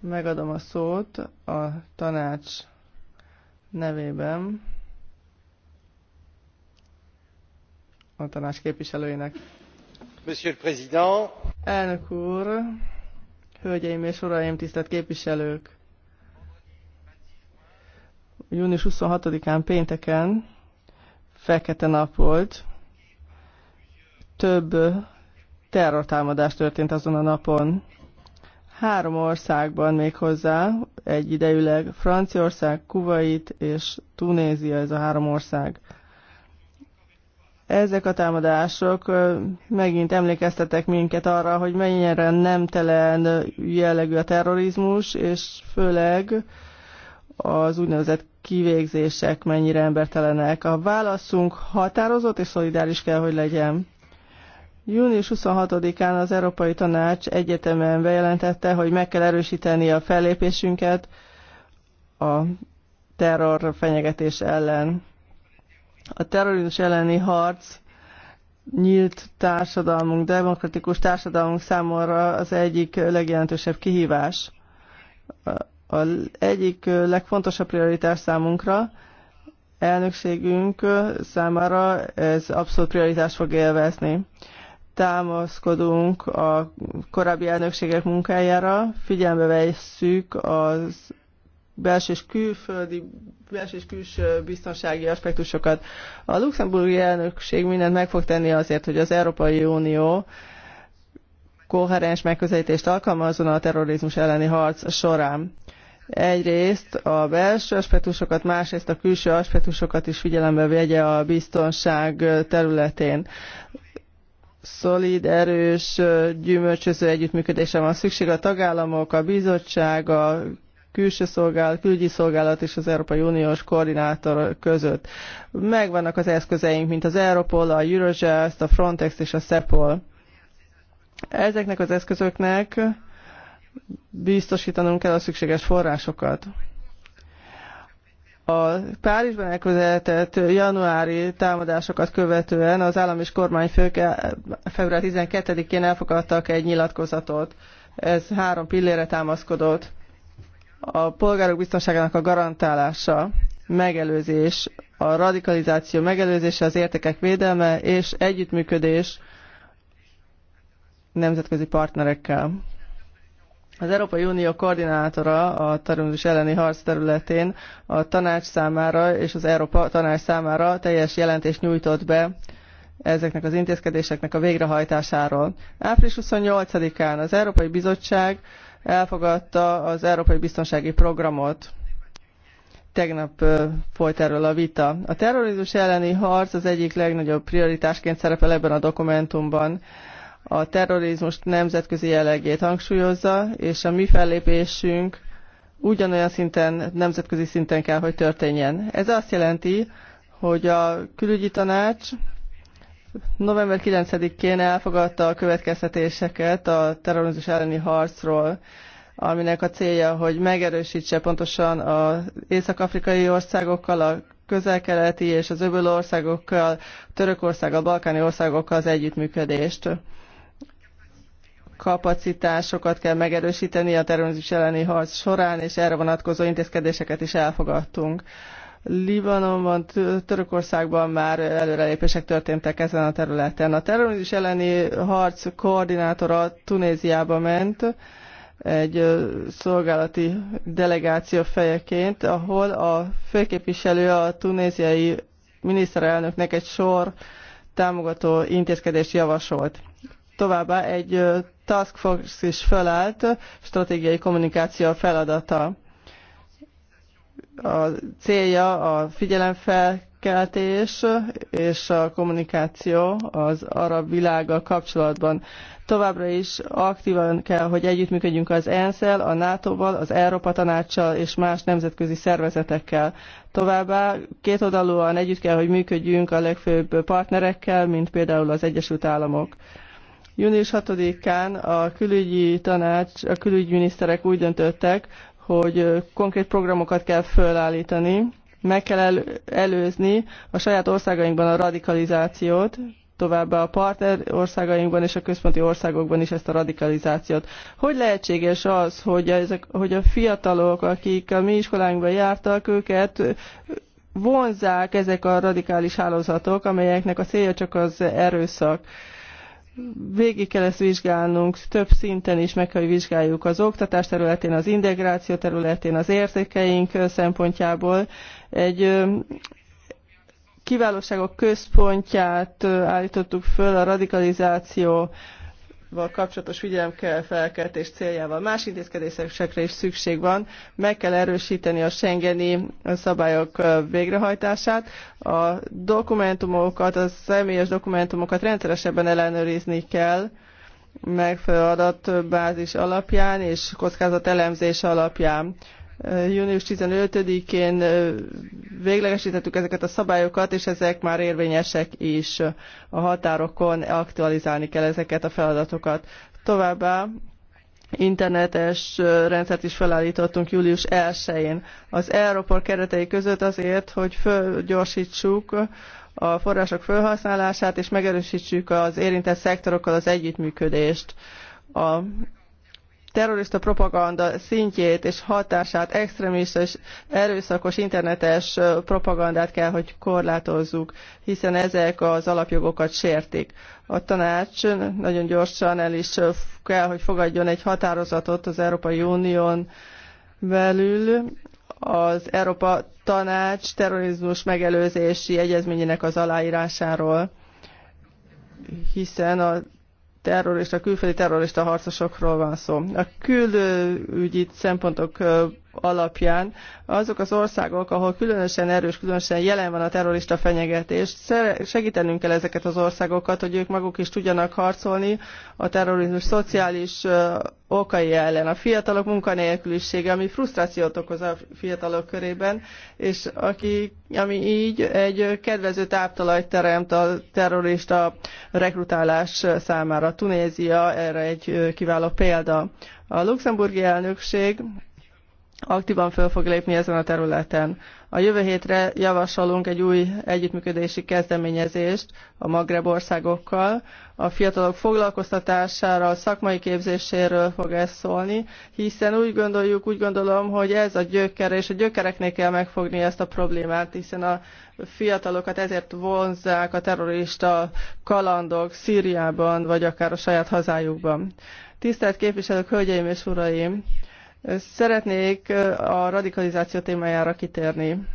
Megadom a szót a tanács nevében a tanács képviselőinek. Monsieur le Président! Elnök úr, hölgyeim és uraim, tisztelt képviselők! Június 26-án pénteken fekete nap volt. Több terrortámadás történt azon a napon. Három országban még hozzá, egy egyidejűleg Franciaország, Kuwait és Tunézia, ez a három ország. Ezek a támadások megint emlékeztetek minket arra, hogy mennyire nemtelen jellegű a terrorizmus, és főleg az úgynevezett kivégzések mennyire embertelenek. A válaszunk határozott és szolidáris kell, hogy legyen Június 26-án az Európai Tanács egyetemen bejelentette, hogy meg kell erősíteni a fellépésünket a terror fenyegetés ellen. A terrorizmus elleni harc nyílt társadalmunk, demokratikus társadalmunk számára az egyik legjelentősebb kihívás. A egyik legfontosabb prioritás számunkra, elnökségünk számára ez abszolút prioritás fog élvezni támaszkodunk a korábbi elnökségek munkájára, figyelembe vesszük az belső és külföldi, belső és külső biztonsági aspektusokat. A luxemburgi elnökség mindent meg fog tenni azért, hogy az Európai Unió koherens megközelítést alkalmazzon a terrorizmus elleni harc során. Egyrészt a belső aspektusokat, másrészt a külső aspektusokat is figyelembe vegye a biztonság területén szolid, erős, gyümölcsöző együttműködésre van szükség a tagállamok, a bizottság, a külső szolgálat, külügyi szolgálat és az Európai Uniós koordinátor között. Megvannak az eszközeink, mint az Europol, a Eurojust, a Frontex és a CEPOL. Ezeknek az eszközöknek biztosítanunk kell a szükséges forrásokat. A Párizsban elkövetett januári támadásokat követően az állam és kormányfők e- február 12-én elfogadtak egy nyilatkozatot. Ez három pillére támaszkodott. A polgárok biztonságának a garantálása, megelőzés, a radikalizáció megelőzése, az értékek védelme és együttműködés nemzetközi partnerekkel. Az Európai Unió koordinátora a terrorizmus elleni harc területén a tanács számára és az Európa tanács számára teljes jelentést nyújtott be ezeknek az intézkedéseknek a végrehajtásáról. Április 28-án az Európai Bizottság elfogadta az Európai Biztonsági Programot. Tegnap folyt erről a vita. A terrorizmus elleni harc az egyik legnagyobb prioritásként szerepel ebben a dokumentumban a terrorizmus nemzetközi jellegét hangsúlyozza, és a mi fellépésünk ugyanolyan szinten, nemzetközi szinten kell, hogy történjen. Ez azt jelenti, hogy a külügyi tanács november 9-én elfogadta a következtetéseket a terrorizmus elleni harcról, aminek a célja, hogy megerősítse pontosan az észak-afrikai országokkal, a közel-keleti és az öböl országokkal, Törökországgal, balkáni országokkal az együttműködést kapacitásokat kell megerősíteni a terrorizmus elleni harc során, és erre vonatkozó intézkedéseket is elfogadtunk. Libanonban, Törökországban már előrelépések történtek ezen a területen. A terrorizmus elleni harc koordinátora Tunéziába ment, egy szolgálati delegáció fejeként, ahol a főképviselő a tunéziai miniszterelnöknek egy sor támogató intézkedést javasolt. Továbbá egy task force is felállt, stratégiai kommunikáció feladata. A célja a figyelemfelkeltés és a kommunikáció az arab világgal kapcsolatban. Továbbra is aktívan kell, hogy együttműködjünk az ensz a NATO-val, az Európa Tanácssal és más nemzetközi szervezetekkel. Továbbá kétoldalúan együtt kell, hogy működjünk a legfőbb partnerekkel, mint például az Egyesült Államok. Június 6-án a külügyi tanács, a miniszterek úgy döntöttek, hogy konkrét programokat kell fölállítani, meg kell el, előzni a saját országainkban a radikalizációt, továbbá a partner országainkban és a központi országokban is ezt a radikalizációt. Hogy lehetséges az, hogy, ezek, hogy a fiatalok, akik a mi iskolánkban jártak, őket vonzák ezek a radikális hálózatok, amelyeknek a célja csak az erőszak végig kell ezt vizsgálnunk, több szinten is meg kell, hogy vizsgáljuk az oktatás területén, az integráció területén, az értékeink szempontjából. Egy kiválóságok központját állítottuk föl a radikalizáció val kapcsolatos figyelemfelkeltés céljával. Más intézkedésekre is szükség van. Meg kell erősíteni a Schengeni szabályok végrehajtását. A dokumentumokat, a személyes dokumentumokat rendszeresebben ellenőrizni kell megfelelő adatbázis alapján és kockázatelemzés alapján június 15-én véglegesítettük ezeket a szabályokat, és ezek már érvényesek is a határokon, aktualizálni kell ezeket a feladatokat. Továbbá internetes rendszert is felállítottunk július 1-én az Europol keretei között azért, hogy fölgyorsítsuk a források felhasználását, és megerősítsük az érintett szektorokkal az együttműködést. A terrorista propaganda szintjét és hatását, extrémista és erőszakos internetes propagandát kell, hogy korlátozzuk, hiszen ezek az alapjogokat sértik. A tanács nagyon gyorsan el is kell, hogy fogadjon egy határozatot az Európai Unión belül, az Európa Tanács terrorizmus megelőzési egyezményének az aláírásáról, hiszen a terrorista, külföldi terrorista harcosokról van szó. A külügyi szempontok alapján azok az országok, ahol különösen erős, különösen jelen van a terrorista fenyegetés, segítenünk kell ezeket az országokat, hogy ők maguk is tudjanak harcolni a terrorizmus szociális okai ellen. A fiatalok munkanélkülisége, ami frusztrációt okoz a fiatalok körében, és aki, ami így egy kedvező táptalajt teremt a terrorista rekrutálás számára. Tunézia erre egy kiváló példa. A luxemburgi elnökség aktívan föl fog lépni ezen a területen. A jövő hétre javasolunk egy új együttműködési kezdeményezést a Magreb országokkal. A fiatalok foglalkoztatására, a szakmai képzéséről fog ez szólni, hiszen úgy gondoljuk, úgy gondolom, hogy ez a gyökere, és a gyökereknél kell megfogni ezt a problémát, hiszen a fiatalokat ezért vonzák a terrorista kalandok Szíriában, vagy akár a saját hazájukban. Tisztelt képviselők, hölgyeim és uraim! Szeretnék a radikalizáció témájára kitérni.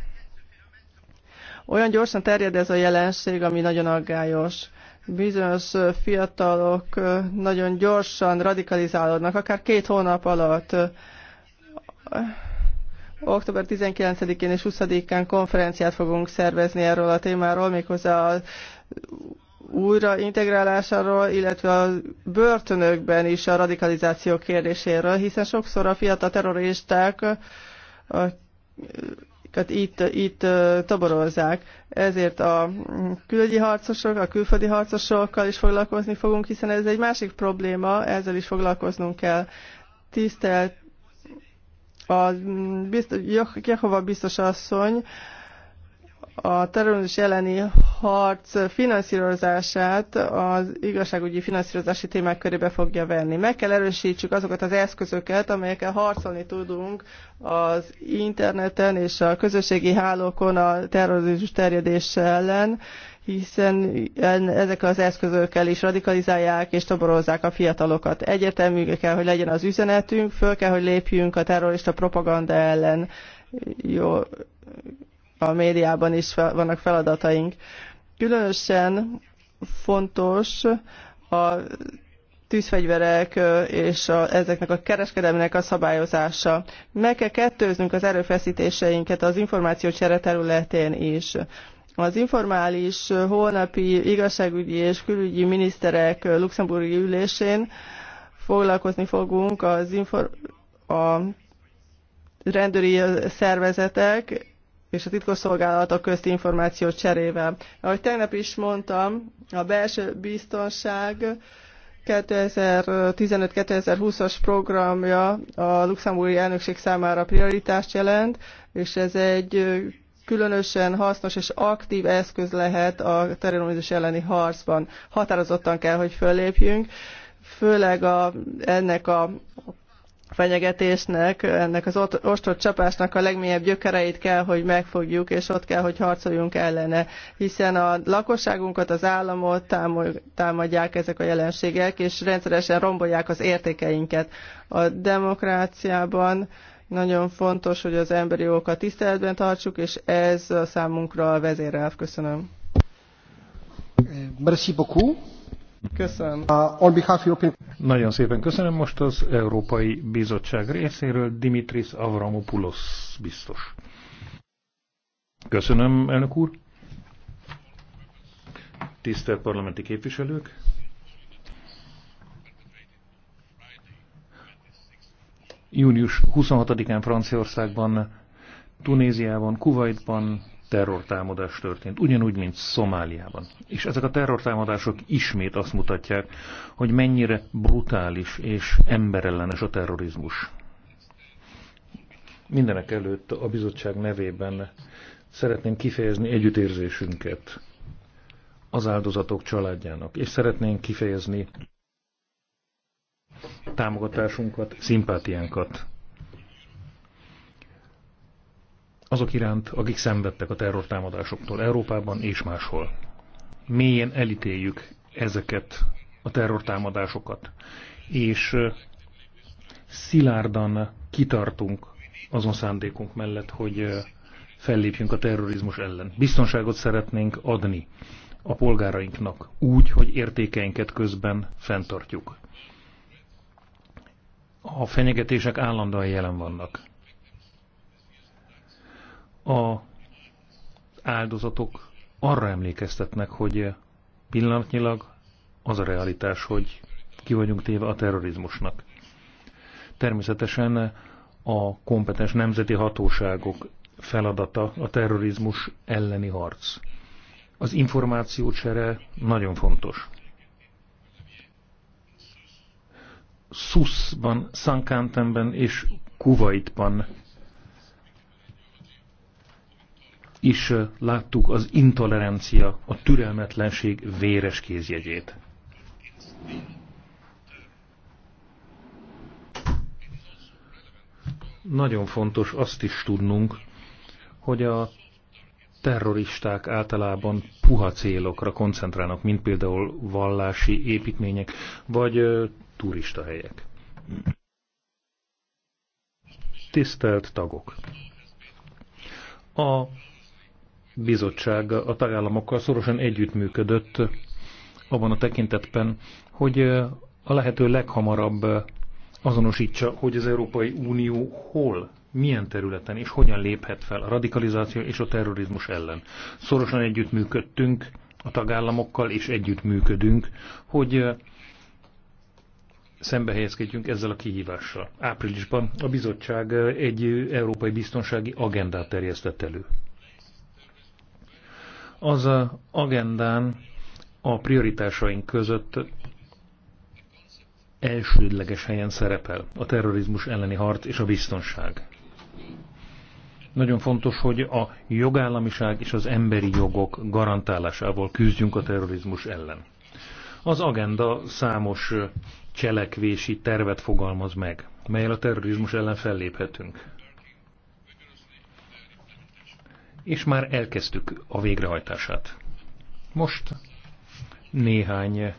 Olyan gyorsan terjed ez a jelenség, ami nagyon aggályos. Bizonyos fiatalok nagyon gyorsan radikalizálódnak, akár két hónap alatt. Október 19-én és 20-án konferenciát fogunk szervezni erről a témáról, méghozzá a újra integrálásáról, illetve a börtönökben is a radikalizáció kérdéséről, hiszen sokszor a fiatal terroristák itt, itt toborozzák. Ezért a külügyi harcosok, a külföldi harcosokkal is foglalkozni fogunk, hiszen ez egy másik probléma, ezzel is foglalkoznunk kell. Tisztelt a Jehova biztos asszony, a terrorizmus elleni harc finanszírozását az igazságügyi finanszírozási témák körébe fogja venni. Meg kell erősítsük azokat az eszközöket, amelyekkel harcolni tudunk az interneten és a közösségi hálókon a terrorizmus terjedése ellen, hiszen ezek az eszközökkel is radikalizálják és toborozzák a fiatalokat. Egyértelmű kell, hogy legyen az üzenetünk, föl kell, hogy lépjünk a terrorista propaganda ellen. Jó, a médiában is fel, vannak feladataink. Különösen fontos a tűzfegyverek és a, ezeknek a kereskedelmének a szabályozása. Meg kell kettőznünk az erőfeszítéseinket az információcsere területén is. Az informális holnapi igazságügyi és külügyi miniszterek luxemburgi ülésén foglalkozni fogunk az infor- a rendőri szervezetek és a titkosszolgálatok közti információ cserével. Ahogy tegnap is mondtam, a belső biztonság 2015-2020-as programja a luxemburgi elnökség számára prioritást jelent, és ez egy különösen hasznos és aktív eszköz lehet a terrorizmus elleni harcban. Határozottan kell, hogy föllépjünk, főleg a, ennek a fenyegetésnek, ennek az ostott csapásnak a legmélyebb gyökereit kell, hogy megfogjuk, és ott kell, hogy harcoljunk ellene, hiszen a lakosságunkat, az államot támadják ezek a jelenségek, és rendszeresen rombolják az értékeinket. A demokráciában nagyon fontos, hogy az emberi jogokat tiszteletben tartsuk, és ez a számunkra a vezérelv. Köszönöm. Merci beaucoup. Köszönöm. Uh, European... Nagyon szépen köszönöm. Most az Európai Bizottság részéről Dimitris Avramopoulos biztos. Köszönöm, elnök úr. Tisztelt parlamenti képviselők. Június 26-án Franciaországban, Tunéziában, Kuwaitban, terrortámadás történt, ugyanúgy, mint Szomáliában. És ezek a terrortámadások ismét azt mutatják, hogy mennyire brutális és emberellenes a terrorizmus. Mindenek előtt a bizottság nevében szeretném kifejezni együttérzésünket az áldozatok családjának, és szeretnénk kifejezni támogatásunkat, szimpátiánkat azok iránt, akik szenvedtek a terrortámadásoktól Európában és máshol. Mélyen elítéljük ezeket a terrortámadásokat, és szilárdan kitartunk azon szándékunk mellett, hogy fellépjünk a terrorizmus ellen. Biztonságot szeretnénk adni a polgárainknak úgy, hogy értékeinket közben fenntartjuk. A fenyegetések állandóan jelen vannak. A áldozatok arra emlékeztetnek, hogy pillanatnyilag az a realitás, hogy ki vagyunk téve a terrorizmusnak. Természetesen a kompetens nemzeti hatóságok feladata a terrorizmus elleni harc. Az információcsere nagyon fontos. Szuszban, Szankántemben és Kuwaitban is láttuk az intolerancia, a türelmetlenség véres kézjegyét. Nagyon fontos azt is tudnunk, hogy a terroristák általában puha célokra koncentrálnak, mint például vallási építmények, vagy helyek. Tisztelt tagok! A bizottság a tagállamokkal szorosan együttműködött abban a tekintetben, hogy a lehető leghamarabb azonosítsa, hogy az Európai Unió hol, milyen területen és hogyan léphet fel a radikalizáció és a terrorizmus ellen. Szorosan együttműködtünk a tagállamokkal, és együttműködünk, hogy szembe helyezkedjünk ezzel a kihívással. Áprilisban a bizottság egy európai biztonsági agendát terjesztett elő. Az agendán a prioritásaink között elsődleges helyen szerepel a terrorizmus elleni harc és a biztonság. Nagyon fontos, hogy a jogállamiság és az emberi jogok garantálásával küzdjünk a terrorizmus ellen. Az agenda számos cselekvési tervet fogalmaz meg, melyel a terrorizmus ellen felléphetünk és már elkezdtük a végrehajtását. Most néhány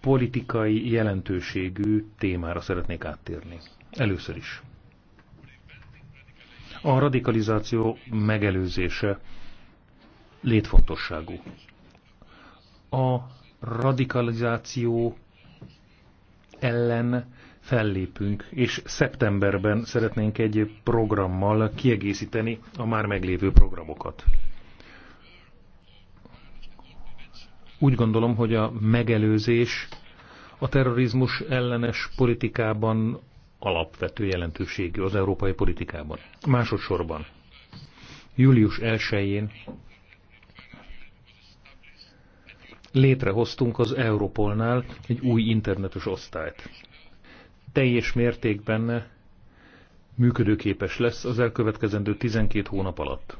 politikai jelentőségű témára szeretnék áttérni. Először is. A radikalizáció megelőzése létfontosságú. A radikalizáció ellen fellépünk, és szeptemberben szeretnénk egy programmal kiegészíteni a már meglévő programokat. Úgy gondolom, hogy a megelőzés a terrorizmus ellenes politikában alapvető jelentőségű az európai politikában. Másodszorban, július 1-én létrehoztunk az Európolnál egy új internetes osztályt teljes mértékben működőképes lesz az elkövetkezendő 12 hónap alatt.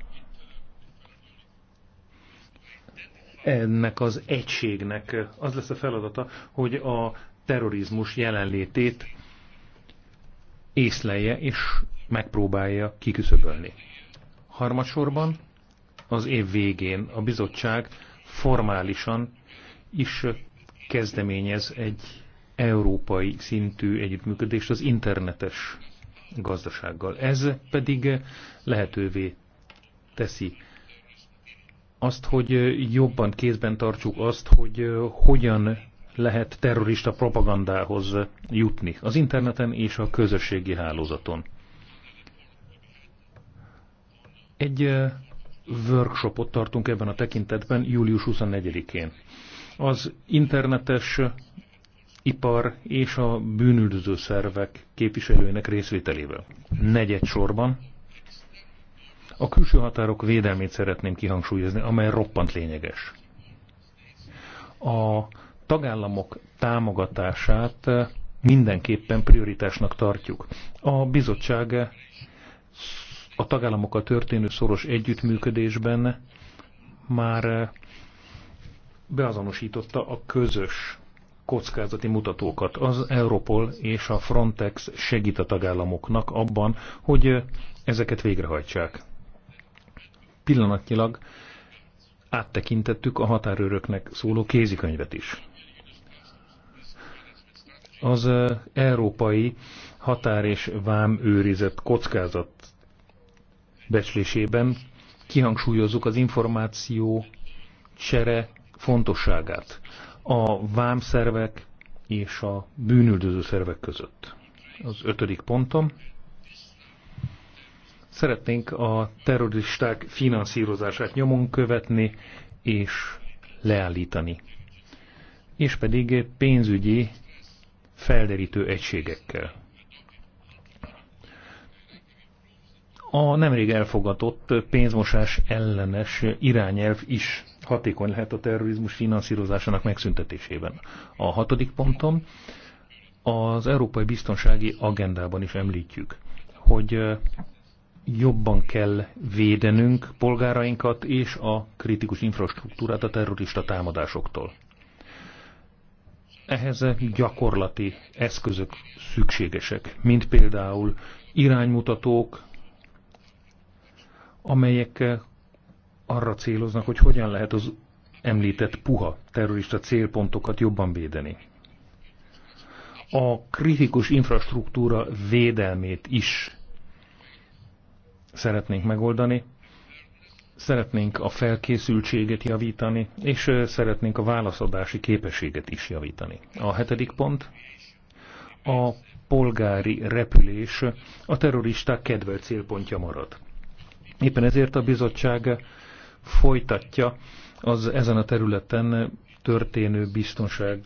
Ennek az egységnek az lesz a feladata, hogy a terrorizmus jelenlétét észlelje és megpróbálja kiküszöbölni. Harmadsorban az év végén a bizottság formálisan is kezdeményez egy európai szintű együttműködést az internetes gazdasággal. Ez pedig lehetővé teszi azt, hogy jobban kézben tartsuk azt, hogy hogyan lehet terrorista propagandához jutni az interneten és a közösségi hálózaton. Egy workshopot tartunk ebben a tekintetben július 24-én. Az internetes ipar és a bűnüldöző szervek képviselőinek részvételével. Negyed sorban a külső határok védelmét szeretném kihangsúlyozni, amely roppant lényeges. A tagállamok támogatását mindenképpen prioritásnak tartjuk. A bizottság a tagállamokkal történő szoros együttműködésben már beazonosította a közös kockázati mutatókat. Az Europol és a Frontex segít a tagállamoknak abban, hogy ezeket végrehajtsák. Pillanatnyilag áttekintettük a határőröknek szóló kézikönyvet is. Az európai határ és vám őrizet kockázat becslésében kihangsúlyozzuk az információ csere fontosságát a vámszervek és a bűnüldöző szervek között. Az ötödik pontom. Szeretnénk a terroristák finanszírozását nyomon követni és leállítani. És pedig pénzügyi felderítő egységekkel. A nemrég elfogadott pénzmosás ellenes irányelv is hatékony lehet a terrorizmus finanszírozásának megszüntetésében. A hatodik pontom az Európai Biztonsági Agendában is említjük, hogy jobban kell védenünk polgárainkat és a kritikus infrastruktúrát a terrorista támadásoktól. Ehhez gyakorlati eszközök szükségesek, mint például iránymutatók, amelyek arra céloznak, hogy hogyan lehet az említett puha terrorista célpontokat jobban védeni. A kritikus infrastruktúra védelmét is szeretnénk megoldani, szeretnénk a felkészültséget javítani, és szeretnénk a válaszadási képességet is javítani. A hetedik pont a polgári repülés a terroristák kedvelt célpontja marad. Éppen ezért a bizottság folytatja az ezen a területen történő biztonság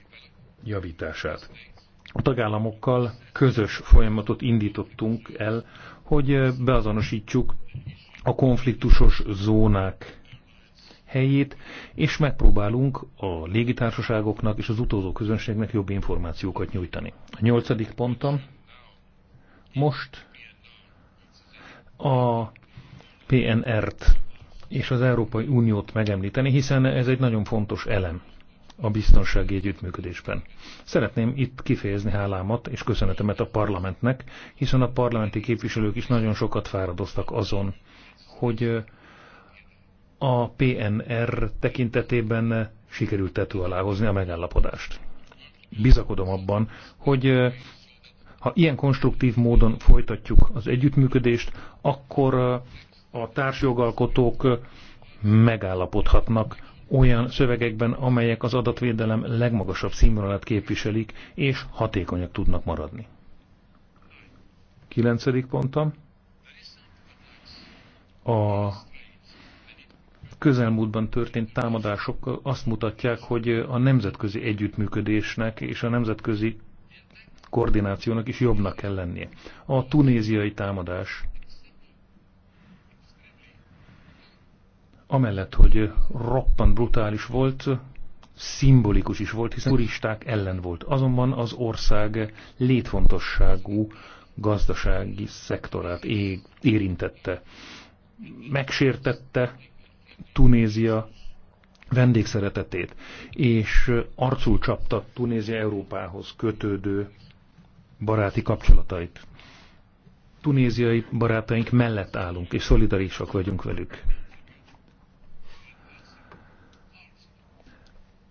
javítását. A tagállamokkal közös folyamatot indítottunk el, hogy beazonosítsuk a konfliktusos zónák helyét, és megpróbálunk a légitársaságoknak és az utózó közönségnek jobb információkat nyújtani. A nyolcadik pontom most a PNR-t és az Európai Uniót megemlíteni, hiszen ez egy nagyon fontos elem a biztonsági együttműködésben. Szeretném itt kifejezni hálámat és köszönetemet a parlamentnek, hiszen a parlamenti képviselők is nagyon sokat fáradoztak azon, hogy a PNR tekintetében sikerült tető alá hozni a megállapodást. Bizakodom abban, hogy ha ilyen konstruktív módon folytatjuk az együttműködést, akkor a társjogalkotók megállapodhatnak olyan szövegekben, amelyek az adatvédelem legmagasabb színvonalát képviselik, és hatékonyak tudnak maradni. Kilencedik pontom. A közelmúltban történt támadások azt mutatják, hogy a nemzetközi együttműködésnek és a nemzetközi koordinációnak is jobbnak kell lennie. A tunéziai támadás amellett, hogy roppant brutális volt, szimbolikus is volt, hiszen turisták ellen volt. Azonban az ország létfontosságú gazdasági szektorát ég, érintette. Megsértette Tunézia vendégszeretetét, és arcul csapta Tunézia Európához kötődő baráti kapcsolatait. Tunéziai barátaink mellett állunk, és szolidarisak vagyunk velük.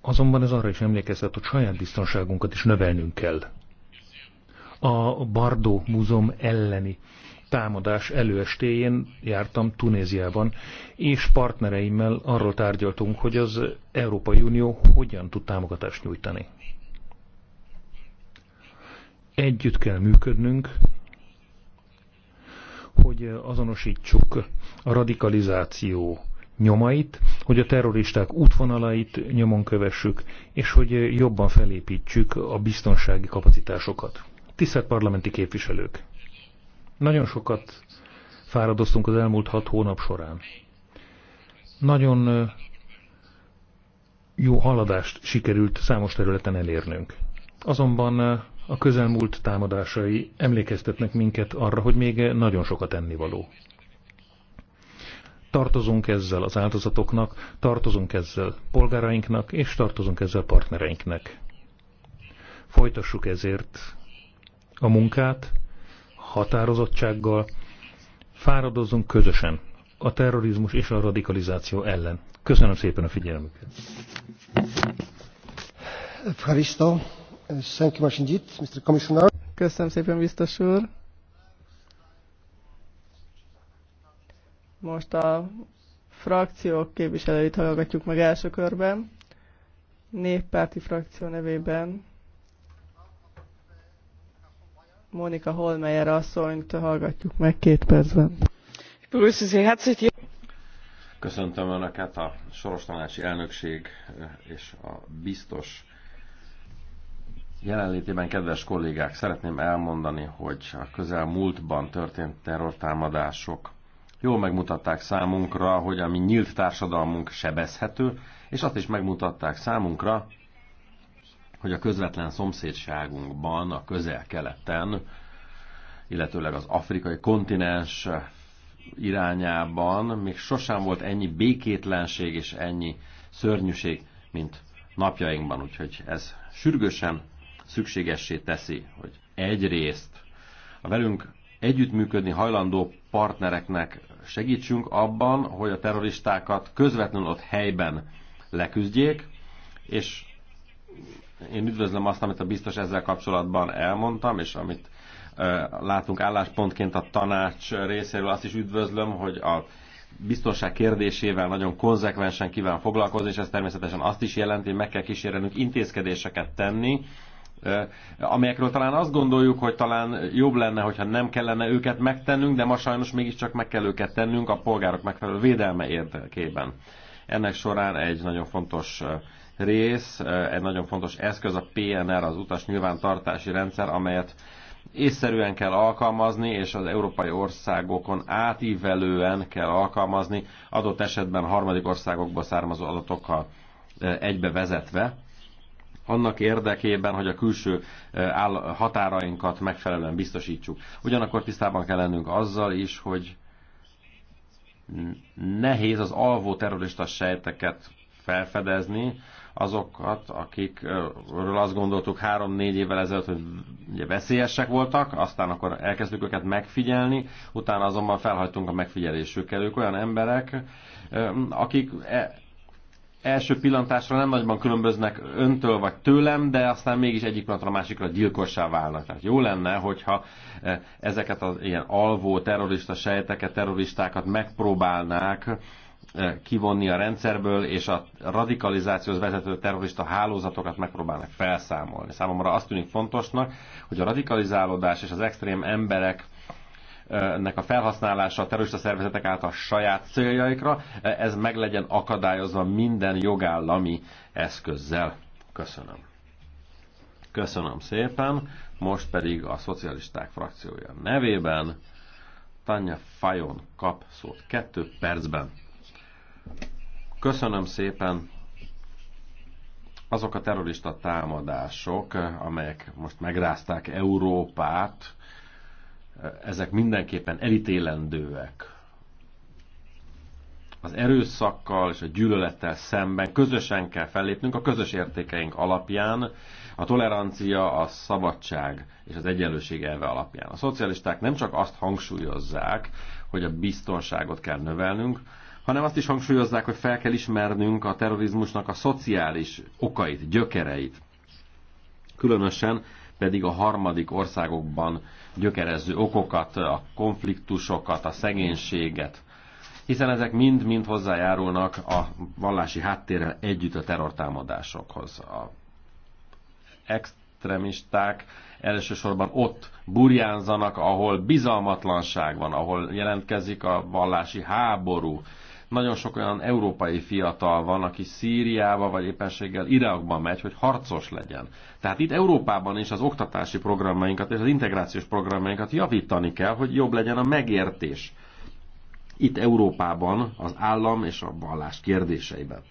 Azonban ez arra is emlékeztet, hogy saját biztonságunkat is növelnünk kell. A Bardo Múzeum elleni támadás előestéjén jártam Tunéziában, és partnereimmel arról tárgyaltunk, hogy az Európai Unió hogyan tud támogatást nyújtani. Együtt kell működnünk, hogy azonosítsuk a radikalizáció nyomait, hogy a terroristák útvonalait nyomon kövessük, és hogy jobban felépítsük a biztonsági kapacitásokat. Tisztelt parlamenti képviselők! Nagyon sokat fáradoztunk az elmúlt hat hónap során. Nagyon jó haladást sikerült számos területen elérnünk. Azonban a közelmúlt támadásai emlékeztetnek minket arra, hogy még nagyon sokat ennivaló. Tartozunk ezzel az áldozatoknak, tartozunk ezzel polgárainknak, és tartozunk ezzel partnereinknek. Folytassuk ezért a munkát, határozottsággal, fáradozzunk közösen a terrorizmus és a radikalizáció ellen. Köszönöm szépen a figyelmüket. Köszönöm szépen, biztos úr. Most a frakciók képviselőit hallgatjuk meg első körben. Néppárti frakció nevében Monika Holmeyer asszonyt hallgatjuk meg két percben. Köszöntöm Önöket a Soros Tanácsi Elnökség és a biztos jelenlétében, kedves kollégák, szeretném elmondani, hogy a közel múltban történt terrortámadások Jól megmutatták számunkra, hogy a mi nyílt társadalmunk sebezhető, és azt is megmutatták számunkra, hogy a közvetlen szomszédságunkban, a közel-keleten, illetőleg az afrikai kontinens irányában még sosem volt ennyi békétlenség és ennyi szörnyűség, mint napjainkban. Úgyhogy ez sürgősen szükségessé teszi, hogy egyrészt a velünk együttműködni hajlandó partnereknek segítsünk abban, hogy a terroristákat közvetlenül ott helyben leküzdjék, és én üdvözlöm azt, amit a biztos ezzel kapcsolatban elmondtam, és amit látunk álláspontként a tanács részéről, azt is üdvözlöm, hogy a biztonság kérdésével nagyon konzekvensen kíván foglalkozni, és ez természetesen azt is jelenti, hogy meg kell kísérlenünk intézkedéseket tenni, Eh, amelyekről talán azt gondoljuk, hogy talán jobb lenne, hogyha nem kellene őket megtennünk, de ma sajnos mégiscsak meg kell őket tennünk a polgárok megfelelő védelme érdekében. Ennek során egy nagyon fontos eh, rész, eh, egy nagyon fontos eszköz a PNR, az utas nyilvántartási rendszer, amelyet észszerűen kell alkalmazni, és az európai országokon átívelően kell alkalmazni, adott esetben harmadik országokból származó adatokkal egybevezetve. vezetve annak érdekében, hogy a külső eh, határainkat megfelelően biztosítsuk. Ugyanakkor tisztában kell lennünk azzal is, hogy nehéz az alvó terrorista sejteket felfedezni, azokat, akikről azt gondoltuk három-négy évvel ezelőtt, hogy ugye veszélyesek voltak, aztán akkor elkezdtük őket megfigyelni, utána azonban felhagytunk a megfigyelésükkel. Ők olyan emberek, eh, akik eh, első pillantásra nem nagyban különböznek öntől vagy tőlem, de aztán mégis egyik pillanatra a másikra gyilkossá válnak. Tehát jó lenne, hogyha e, ezeket az ilyen alvó terrorista sejteket, terroristákat megpróbálnák e, kivonni a rendszerből, és a radikalizációhoz vezető terrorista hálózatokat megpróbálnak felszámolni. Számomra azt tűnik fontosnak, hogy a radikalizálódás és az extrém emberek ennek a felhasználása a terrorista szervezetek által saját céljaikra, ez meg legyen akadályozva minden jogállami eszközzel. Köszönöm. Köszönöm szépen. Most pedig a szocialisták frakciója nevében Tanya Fajon kap szót kettő percben. Köszönöm szépen azok a terrorista támadások, amelyek most megrázták Európát, ezek mindenképpen elítélendőek. Az erőszakkal és a gyűlölettel szemben közösen kell fellépnünk a közös értékeink alapján, a tolerancia, a szabadság és az egyenlőség elve alapján. A szocialisták nem csak azt hangsúlyozzák, hogy a biztonságot kell növelnünk, hanem azt is hangsúlyozzák, hogy fel kell ismernünk a terrorizmusnak a szociális okait, gyökereit. Különösen pedig a harmadik országokban gyökerező okokat, a konfliktusokat, a szegénységet, hiszen ezek mind-mind hozzájárulnak a vallási háttérrel együtt a terrortámadásokhoz. A extremisták elsősorban ott burjánzanak, ahol bizalmatlanság van, ahol jelentkezik a vallási háború, nagyon sok olyan európai fiatal van, aki Szíriába vagy éppenséggel Irakba megy, hogy harcos legyen. Tehát itt Európában is az oktatási programjainkat és az integrációs programjainkat javítani kell, hogy jobb legyen a megértés. Itt Európában az állam és a vallás kérdéseiben.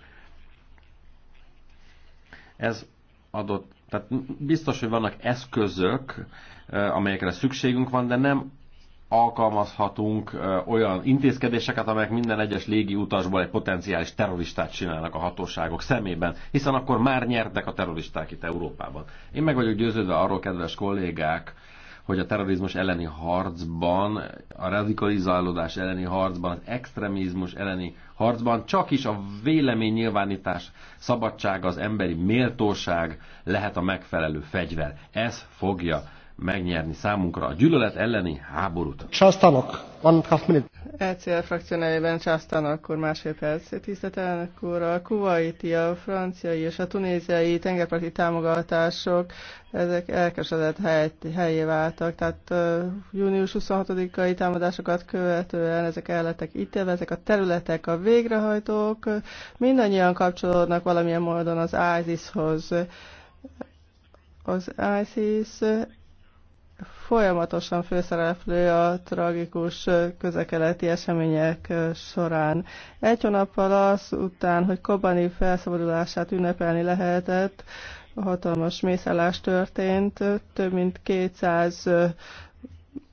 Ez adott, tehát biztos, hogy vannak eszközök, eh, amelyekre szükségünk van, de nem alkalmazhatunk olyan intézkedéseket, amelyek minden egyes légi utasból egy potenciális terroristát csinálnak a hatóságok szemében, hiszen akkor már nyertek a terroristák itt Európában. Én meg vagyok győződve arról, kedves kollégák, hogy a terrorizmus elleni harcban, a radikalizálódás elleni harcban, az extremizmus elleni harcban csak is a vélemény nyilvánítás szabadsága, az emberi méltóság lehet a megfelelő fegyver. Ez fogja megnyerni számunkra a gyűlölet elleni háborút. Császtanok, van half minute. ECL frakció nevében Császtanok, akkor másfél perc. Tisztelt elnök úr, a kuwaiti, a franciai és a tunéziai tengerparti támogatások, ezek elkeseredett hely, helyé váltak. Tehát uh, június 26-ai támadásokat követően ezek el lettek ítélve, ezek a területek, a végrehajtók, mindannyian kapcsolódnak valamilyen módon az ISIS-hoz. Az ISIS folyamatosan főszereplő a tragikus közekeleti események során. Egy hónappal az után, hogy Kobani felszabadulását ünnepelni lehetett, hatalmas mészállás történt, több mint 200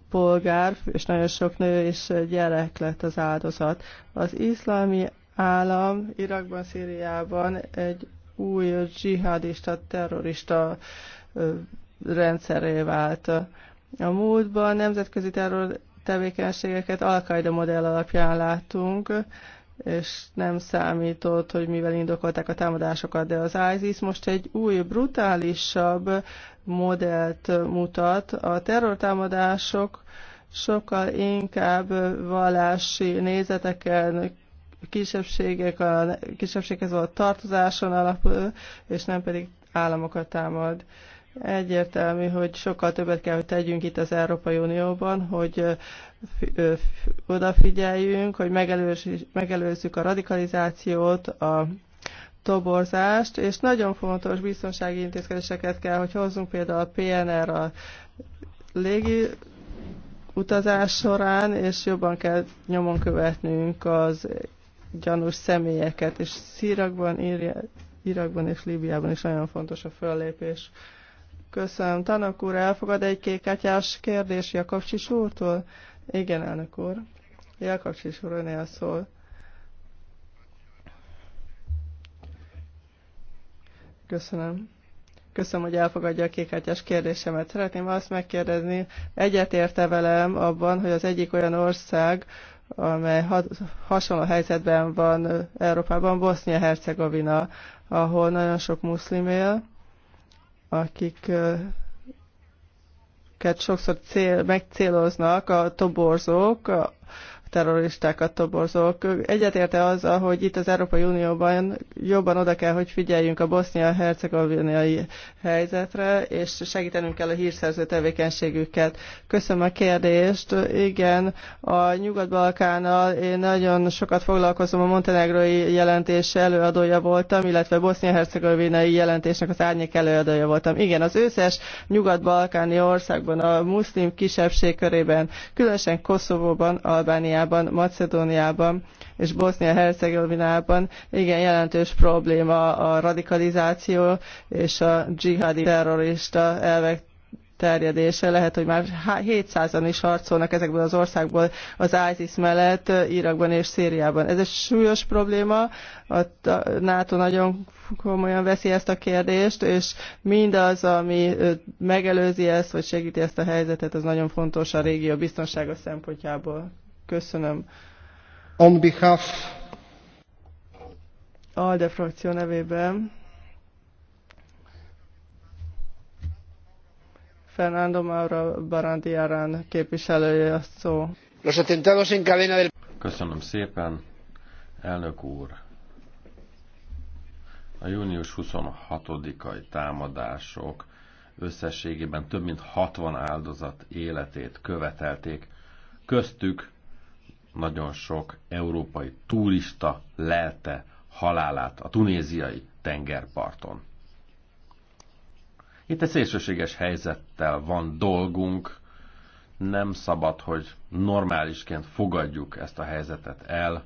polgár, és nagyon sok nő és gyerek lett az áldozat. Az iszlámi állam Irakban, Szíriában egy új dzsihadista, terrorista rendszeré vált. A múltban nemzetközi terror tevékenységeket Al-Qaeda modell alapján láttunk, és nem számított, hogy mivel indokolták a támadásokat, de az ISIS most egy új, brutálisabb modellt mutat. A terrortámadások sokkal inkább vallási nézeteken, kisebbségek, a kisebbséghez való tartozáson alapul, és nem pedig államokat támad. Egyértelmű, hogy sokkal többet kell, hogy tegyünk itt az Európai Unióban, hogy odafigyeljünk, hogy megelőzzük a radikalizációt, a toborzást, és nagyon fontos biztonsági intézkedéseket kell, hogy hozzunk például a PNR a légi utazás során, és jobban kell nyomon követnünk az gyanús személyeket, és Szírakban, Irakban és Líbiában is nagyon fontos a föllépés. Köszönöm. Tanak úr, elfogad egy kékkártyás kérdés Jakabcsis úrtól? Igen, elnök úr. Jakabcsis úr, önél szól. Köszönöm. Köszönöm, hogy elfogadja a kékátyás kérdésemet. Szeretném azt megkérdezni, egyetérte velem abban, hogy az egyik olyan ország, amely hasonló helyzetben van Európában, Bosznia-Hercegovina, ahol nagyon sok muszlim él, akik sokszor cél, megcéloznak a toborzók, terroristákat toborzók. Egyetérte azzal, hogy itt az Európai Unióban jobban oda kell, hogy figyeljünk a bosznia-hercegovinai helyzetre, és segítenünk kell a hírszerző tevékenységüket. Köszönöm a kérdést. Igen, a Nyugat-Balkánnal én nagyon sokat foglalkozom, a montenegrói jelentés előadója voltam, illetve bosznia-hercegovinai jelentésnek az árnyék előadója voltam. Igen, az összes nyugat-balkáni országban, a muszlim kisebbség körében, különösen Koszovóban, Albániában, Albániában, Macedóniában és Bosznia-Hercegovinában igen jelentős probléma a radikalizáció és a dzsihadi terrorista elvek terjedése. Lehet, hogy már 700-an is harcolnak ezekből az országból az ISIS mellett Irakban és Szíriában. Ez egy súlyos probléma, a NATO nagyon komolyan veszi ezt a kérdést, és mindaz, ami megelőzi ezt, vagy segíti ezt a helyzetet, az nagyon fontos a régió biztonsága szempontjából. Köszönöm. On behalf ALDE frakció nevében Fernando Mauro Barandiarán képviselője a szó. Los atentados en cadena del... Köszönöm szépen, elnök úr. A június 26-ai támadások összességében több mint 60 áldozat életét követelték, köztük nagyon sok európai turista lelte halálát a tunéziai tengerparton. Itt egy szélsőséges helyzettel van dolgunk, nem szabad, hogy normálisként fogadjuk ezt a helyzetet el,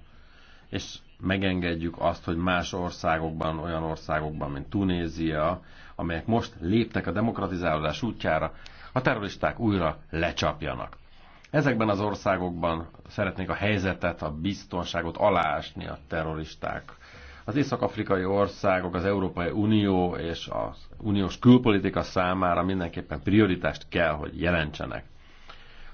és megengedjük azt, hogy más országokban, olyan országokban, mint Tunézia, amelyek most léptek a demokratizálódás útjára, a terroristák újra lecsapjanak. Ezekben az országokban szeretnék a helyzetet, a biztonságot aláásni a terroristák. Az észak-afrikai országok, az Európai Unió és az uniós külpolitika számára mindenképpen prioritást kell, hogy jelentsenek.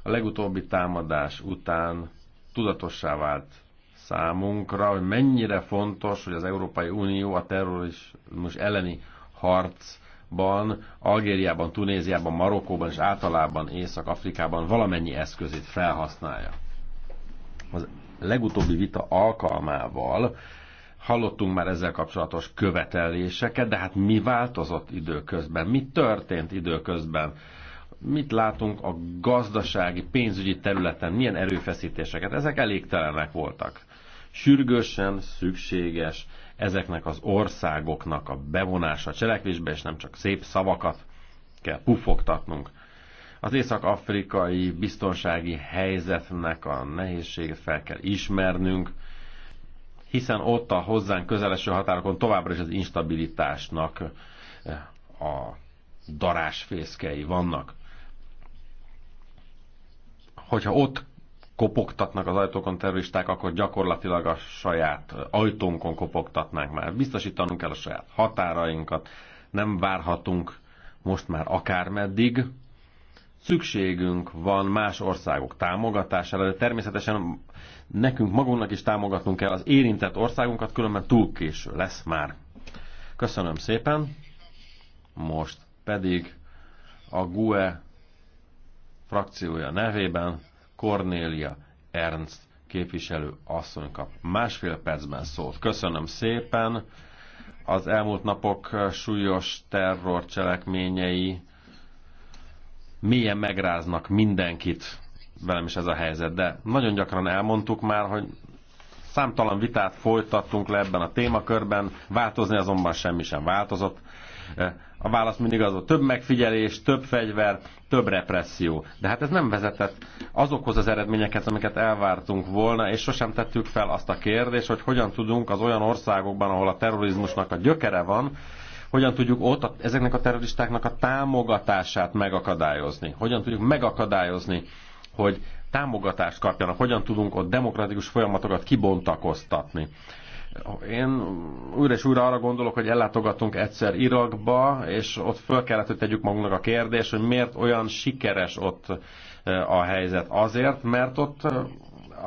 A legutóbbi támadás után tudatossá vált számunkra, hogy mennyire fontos, hogy az Európai Unió a terrorizmus elleni harc Líbiában, Algériában, Tunéziában, Marokkóban és általában Észak-Afrikában valamennyi eszközét felhasználja. Az legutóbbi vita alkalmával hallottunk már ezzel kapcsolatos követeléseket, de hát mi változott időközben? Mi történt időközben? Mit látunk a gazdasági, pénzügyi területen? Milyen erőfeszítéseket? Ezek elégtelenek voltak. Sürgősen szükséges ezeknek az országoknak a bevonása a cselekvésbe, és nem csak szép szavakat kell pufogtatnunk. Az észak-afrikai biztonsági helyzetnek a nehézséget fel kell ismernünk, hiszen ott a hozzánk közeleső határokon továbbra is az instabilitásnak eh, a darásfészkei vannak. Hogyha ott kopogtatnak az ajtókon terroristák, akkor gyakorlatilag a saját ajtónkon kopogtatnánk már. Biztosítanunk kell a saját határainkat, nem várhatunk most már akármeddig. Szükségünk van más országok támogatására, de természetesen nekünk magunknak is támogatnunk kell az érintett országunkat, különben túl késő lesz már. Köszönöm szépen. Most pedig a GUE frakciója nevében Cornélia Ernst képviselő asszony kap másfél percben szólt. Köszönöm szépen! Az elmúlt napok súlyos terrorcselekményei milyen megráznak mindenkit, velem is ez a helyzet, de nagyon gyakran elmondtuk már, hogy számtalan vitát folytattunk le ebben a témakörben, változni azonban semmi sem változott a válasz mindig az hogy több megfigyelés, több fegyver, több represszió. De hát ez nem vezetett azokhoz az eredményekhez, amiket elvártunk volna, és sosem tettük fel azt a kérdést, hogy hogyan tudunk az olyan országokban, ahol a terrorizmusnak a gyökere van, hogyan tudjuk ott a, ezeknek a terroristáknak a támogatását megakadályozni. Hogyan tudjuk megakadályozni, hogy támogatást kapjanak, hogyan tudunk ott demokratikus folyamatokat kibontakoztatni. Én újra és újra arra gondolok, hogy ellátogatunk egyszer Irakba, és ott föl kellett, hogy tegyük magunknak a kérdés, hogy miért olyan sikeres ott e, a helyzet. Azért, mert ott e,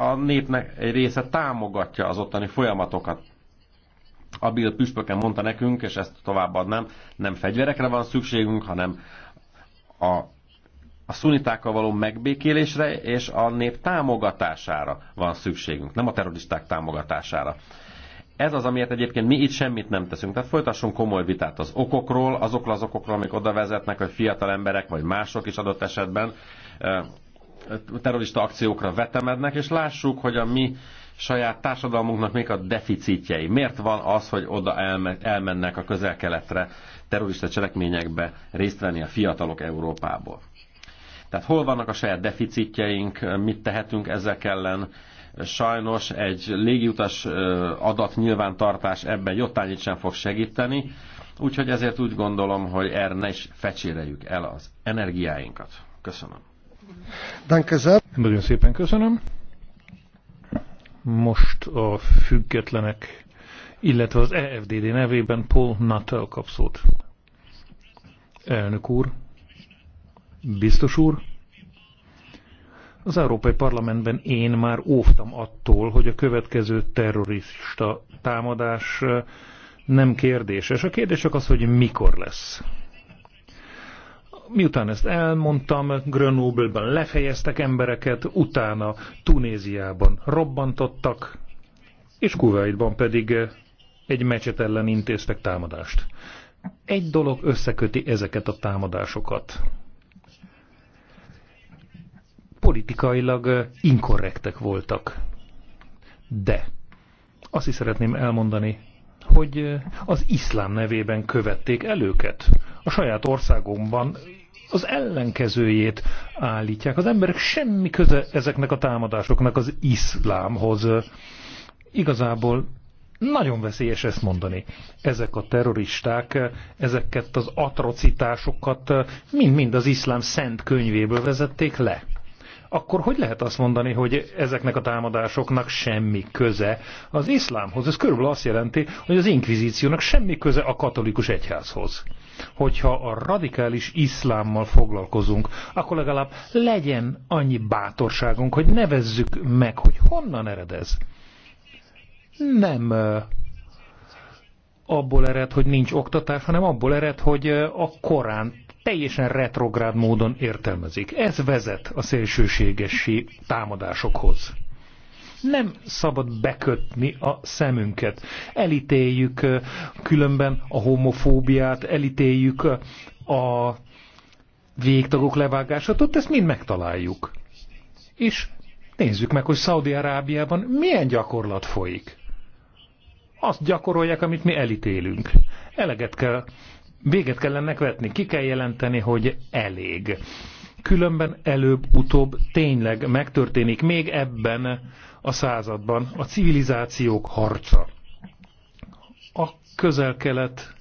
a népnek egy része támogatja az ottani folyamatokat. A Bill püspöken mondta nekünk, és ezt továbbadnám, nem fegyverekre van szükségünk, hanem a, a szunitákkal való megbékélésre és a nép támogatására van szükségünk, nem a terroristák támogatására ez az, amiért egyébként mi itt semmit nem teszünk. Tehát folytassunk komoly vitát az okokról, azokról az okokról, amik oda vezetnek, hogy fiatal emberek, vagy mások is adott esetben terrorista akciókra vetemednek, és lássuk, hogy a mi saját társadalmunknak még a deficitjei. Miért van az, hogy oda elmennek a közel-keletre terrorista cselekményekbe részt venni a fiatalok Európából? Tehát hol vannak a saját deficitjeink, mit tehetünk ezek ellen, Sajnos egy légiutas adatnyilvántartás ebben jottányit sem fog segíteni, úgyhogy ezért úgy gondolom, hogy erre ne is fecséreljük el az energiáinkat. Köszönöm. Nagyon szépen köszönöm. Most a függetlenek, illetve az EFDD nevében Paul Nuttall kap szót. Elnök úr, biztos úr, az Európai Parlamentben én már óvtam attól, hogy a következő terrorista támadás nem kérdéses. A kérdés csak az, hogy mikor lesz. Miután ezt elmondtam, Grenoble-ben lefejeztek embereket, utána Tunéziában robbantottak, és Kuwaitban pedig egy mecset ellen intéztek támadást. Egy dolog összeköti ezeket a támadásokat politikailag inkorrektek voltak. De azt is szeretném elmondani, hogy az iszlám nevében követték el őket. A saját országomban az ellenkezőjét állítják. Az emberek semmi köze ezeknek a támadásoknak az iszlámhoz. Igazából nagyon veszélyes ezt mondani. Ezek a terroristák, ezeket az atrocitásokat mind-mind az iszlám szent könyvéből vezették le akkor hogy lehet azt mondani, hogy ezeknek a támadásoknak semmi köze az iszlámhoz? Ez körülbelül azt jelenti, hogy az inkvizíciónak semmi köze a katolikus egyházhoz. Hogyha a radikális iszlámmal foglalkozunk, akkor legalább legyen annyi bátorságunk, hogy nevezzük meg, hogy honnan ered ez? Nem abból ered, hogy nincs oktatás, hanem abból ered, hogy a Korán teljesen retrográd módon értelmezik. Ez vezet a szélsőségesi támadásokhoz. Nem szabad bekötni a szemünket. Elítéljük különben a homofóbiát, elítéljük a végtagok levágását, ott ezt mind megtaláljuk. És nézzük meg, hogy Szaudi-Arábiában milyen gyakorlat folyik. Azt gyakorolják, amit mi elítélünk. Eleget kell véget kellene vetni, ki kell jelenteni, hogy elég. Különben előbb-utóbb tényleg megtörténik még ebben a században a civilizációk harca. A közel-kelet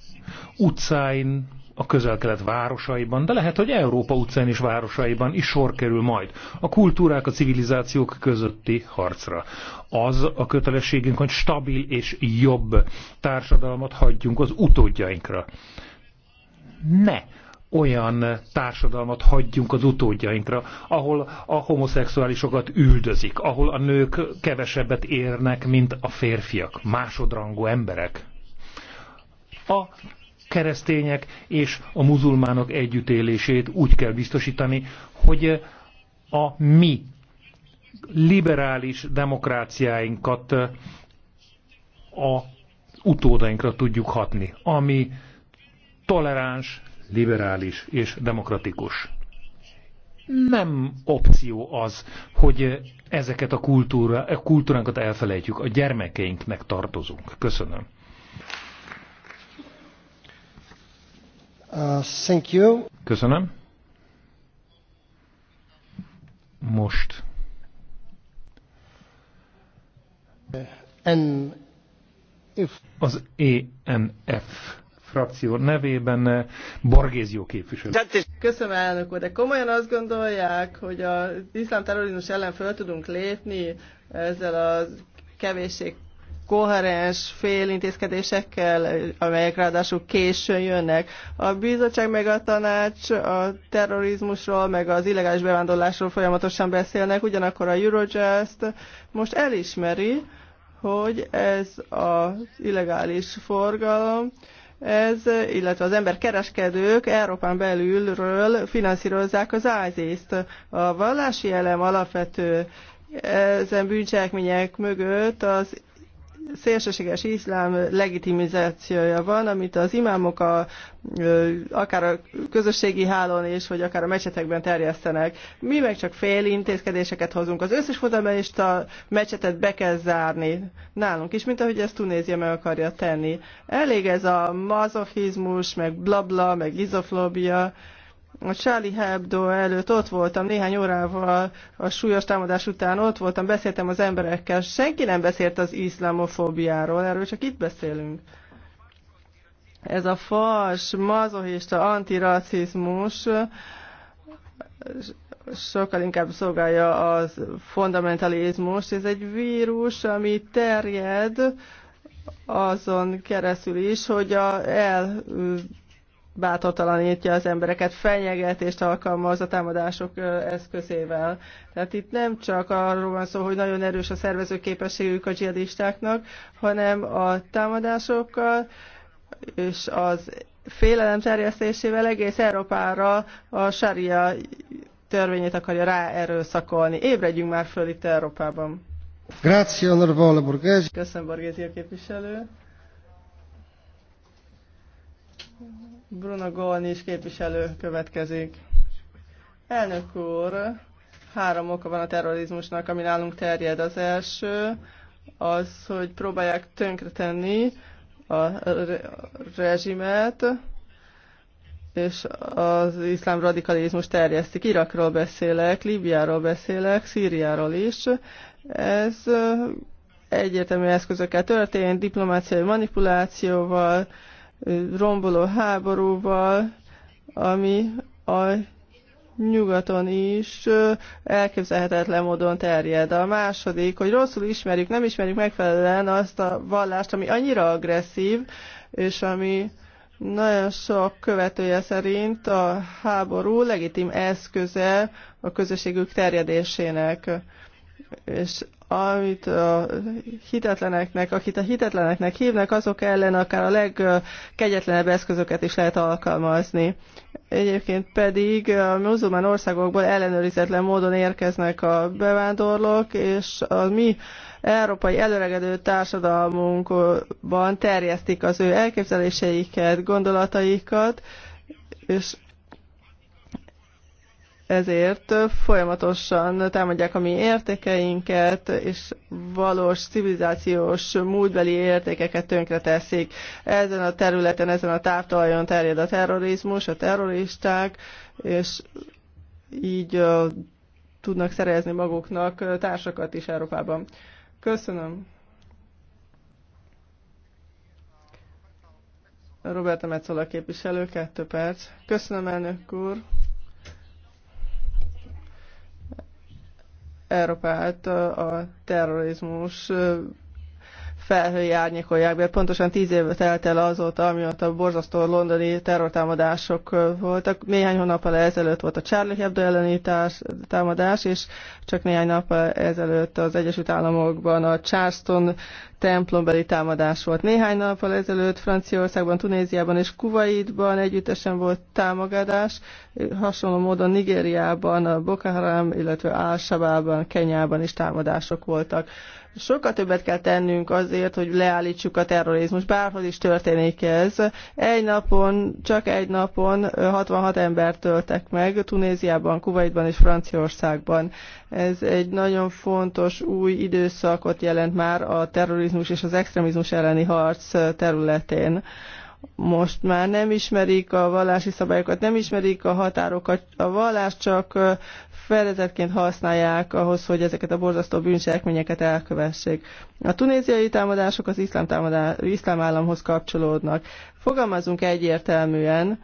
utcáin, a közel-kelet városaiban, de lehet, hogy Európa utcáin és városaiban is sor kerül majd a kultúrák, a civilizációk közötti harcra. Az a kötelességünk, hogy stabil és jobb társadalmat hagyjunk az utódjainkra ne olyan társadalmat hagyjunk az utódjainkra, ahol a homoszexuálisokat üldözik, ahol a nők kevesebbet érnek, mint a férfiak, másodrangú emberek. A keresztények és a muzulmánok együttélését úgy kell biztosítani, hogy a mi liberális demokráciáinkat a utódainkra tudjuk hatni, ami toleráns, liberális és demokratikus. Nem opció az, hogy ezeket a, kultúra, a kultúránkat elfelejtjük, a gyermekeinknek tartozunk. Köszönöm. Uh, thank you. Köszönöm. Most. Uh, az ENF frakció nevében eh, Borgézió képviselő. Köszönöm elnök úr, de komolyan azt gondolják, hogy az iszlám terrorizmus ellen föl tudunk lépni ezzel a kevésség koherens félintézkedésekkel, amelyek ráadásul későn jönnek. A bizottság meg a tanács a terrorizmusról, meg az illegális bevándorlásról folyamatosan beszélnek, ugyanakkor a Eurojust most elismeri, hogy ez az illegális forgalom ez, illetve az emberkereskedők Európán belülről finanszírozzák az ázészt. A vallási elem alapvető ezen bűncselekmények mögött az szélsőséges iszlám legitimizációja van, amit az imámok a, akár a közösségi hálón is, vagy akár a mecsetekben terjesztenek. Mi meg csak fél intézkedéseket hozunk. Az összes fundamentalista mecsetet be kell zárni nálunk is, mint ahogy ezt Tunézia meg akarja tenni. Elég ez a mazochizmus, meg blabla, meg izoflóbia, a Charlie Hebdo előtt ott voltam néhány órával a súlyos támadás után, ott voltam, beszéltem az emberekkel. Senki nem beszélt az iszlamofóbiáról, erről csak itt beszélünk. Ez a fals, mazohista antiracizmus sokkal inkább szolgálja az fundamentalizmust. Ez egy vírus, ami terjed azon keresztül is, hogy a, el bátortalanítja az embereket, fenyegetést alkalmaz a támadások eszközével. Tehát itt nem csak arról van szó, hogy nagyon erős a szervező képességük a dzsihadistáknak, hanem a támadásokkal és az félelem terjesztésével egész Európára a sária törvényét akarja ráerőszakolni. Ébredjünk már föl itt Európában. Grazie, Köszönöm, a képviselő. Bruno is képviselő következik. Elnök úr, három oka van a terrorizmusnak, ami nálunk terjed. Az első az, hogy próbálják tönkretenni a re- rezsimet, és az iszlám radikalizmus terjesztik. Irakról beszélek, Líbiáról beszélek, Szíriáról is. Ez egyértelmű eszközökkel történt, diplomáciai manipulációval, romboló háborúval, ami a nyugaton is elképzelhetetlen módon terjed. A második, hogy rosszul ismerjük, nem ismerjük megfelelően azt a vallást, ami annyira agresszív, és ami nagyon sok követője szerint a háború legitim eszköze a közösségük terjedésének. És amit a hitetleneknek, akit a hitetleneknek hívnak, azok ellen akár a legkegyetlenebb eszközöket is lehet alkalmazni. Egyébként pedig a muzulmán országokból ellenőrizetlen módon érkeznek a bevándorlók, és a mi európai előregedő társadalmunkban terjesztik az ő elképzeléseiket, gondolataikat, és ezért folyamatosan támadják a mi értékeinket, és valós civilizációs múltbeli értékeket tönkreteszik. Ezen a területen, ezen a táptalajon terjed a terrorizmus, a terroristák, és így uh, tudnak szerezni maguknak társakat is Európában. Köszönöm. Roberta Metzola képviselő, kettő perc. Köszönöm, elnök úr. Európát a terrorizmus Felhői árnyékolják be. Pontosan tíz év telt el azóta, amióta borzasztó londoni terrortámadások voltak. Néhány hónappal ezelőtt volt a Charlie Hebdo elleni támadás, és csak néhány nappal ezelőtt az Egyesült Államokban a Charleston templombeli támadás volt. Néhány nappal ezelőtt Franciaországban, Tunéziában és Kuwaitban együttesen volt támadás, hasonló módon Nigériában, a Boko Haram, illetve Al-Shabaabban, Kenyában is támadások voltak. Sokkal többet kell tennünk azért, hogy leállítsuk a terrorizmus. Bárhol is történik ez. Egy napon, csak egy napon 66 embert töltek meg Tunéziában, Kuwaitban és Franciaországban. Ez egy nagyon fontos új időszakot jelent már a terrorizmus és az extremizmus elleni harc területén most már nem ismerik a vallási szabályokat, nem ismerik a határokat. A vallás csak fedezetként használják ahhoz, hogy ezeket a borzasztó bűncselekményeket elkövessék. A tunéziai támadások az iszlám, támadá, iszlám államhoz kapcsolódnak. Fogalmazunk egyértelműen,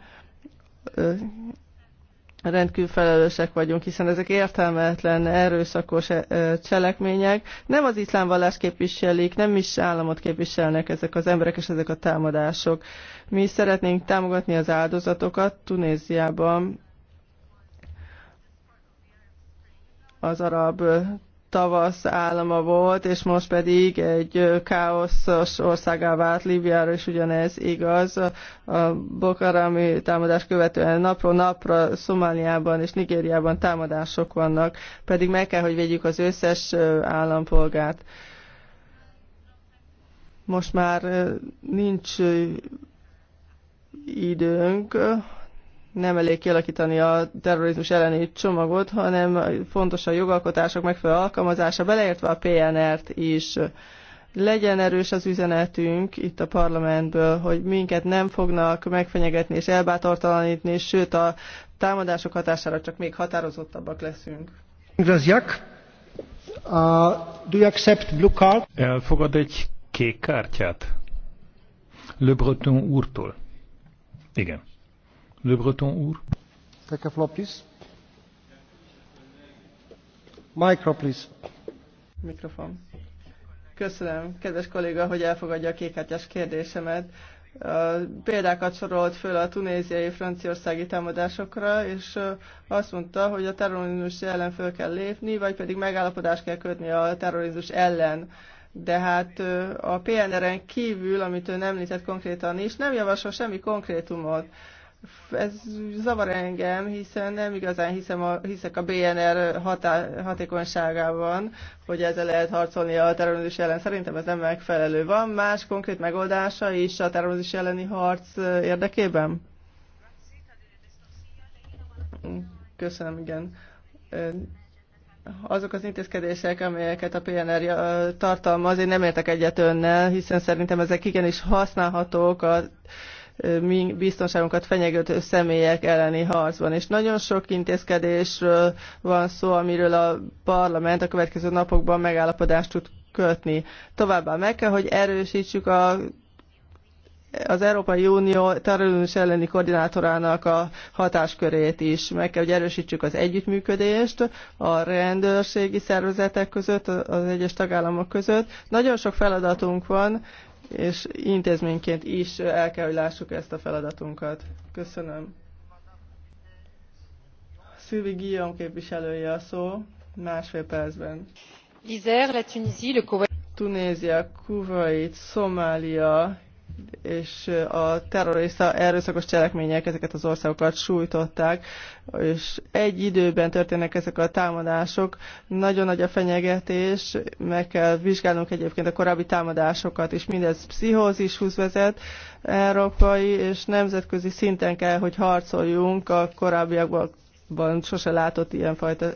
rendkívül felelősek vagyunk, hiszen ezek értelmetlen, erőszakos cselekmények. Nem az iszlám vallás képviselik, nem is államot képviselnek ezek az emberek és ezek a támadások. Mi szeretnénk támogatni az áldozatokat Tunéziában, az arab tavasz állama volt, és most pedig egy káoszos országá vált Líbiára, és ugyanez igaz. A Bokarami támadás követően napról napra Szomáliában és Nigériában támadások vannak, pedig meg kell, hogy vegyük az összes állampolgárt. Most már nincs időnk, nem elég kialakítani a terrorizmus elleni csomagot, hanem fontos a jogalkotások megfelelő alkalmazása, beleértve a PNR-t is. Legyen erős az üzenetünk itt a parlamentből, hogy minket nem fognak megfenyegetni és elbátortalanítni, sőt a támadások hatására csak még határozottabbak leszünk. Graziak, uh, do you accept blue card? Elfogad egy kék kártyát? Le Breton úrtól. Igen. Le Breton úr. Take a floor, please. Micro, please. Mikrofon. Köszönöm, kedves kolléga, hogy elfogadja a kékhátyás kérdésemet. Példákat sorolt föl a tunéziai franciaországi támadásokra, és azt mondta, hogy a terrorizmus ellen föl kell lépni, vagy pedig megállapodást kell kötni a terrorizmus ellen de hát a PNR-en kívül, amit ő nem említett konkrétan is, nem javasol semmi konkrétumot ez zavar engem, hiszen nem igazán hiszem a, hiszek a BNR hatá, hatékonyságában, hogy ezzel lehet harcolni a terrorizmus ellen. Szerintem ez nem megfelelő. Van más konkrét megoldása is a terrorizmus elleni harc érdekében? Köszönöm, igen. Azok az intézkedések, amelyeket a PNR tartalmaz, én nem értek egyet önnel, hiszen szerintem ezek igenis használhatók a mi biztonságunkat fenyegető személyek elleni harcban. És nagyon sok intézkedésről van szó, amiről a parlament a következő napokban megállapodást tud kötni. Továbbá meg kell, hogy erősítsük a az Európai Unió terrorizmus elleni koordinátorának a hatáskörét is. Meg kell, hogy erősítsük az együttműködést a rendőrségi szervezetek között, az egyes tagállamok között. Nagyon sok feladatunk van, és intézményként is el kell, hogy lássuk ezt a feladatunkat. Köszönöm. Szilvi Guillaume képviselője a szó, másfél percben. L'Isère, la Tunisie, le Tunézia, Kuwait, Szomália és a terrorista erőszakos cselekmények ezeket az országokat sújtották, és egy időben történnek ezek a támadások, nagyon nagy a fenyegetés, meg kell vizsgálnunk egyébként a korábbi támadásokat, és mindez pszichózishoz vezet, európai és nemzetközi szinten kell, hogy harcoljunk a korábbiakban sose látott ilyenfajta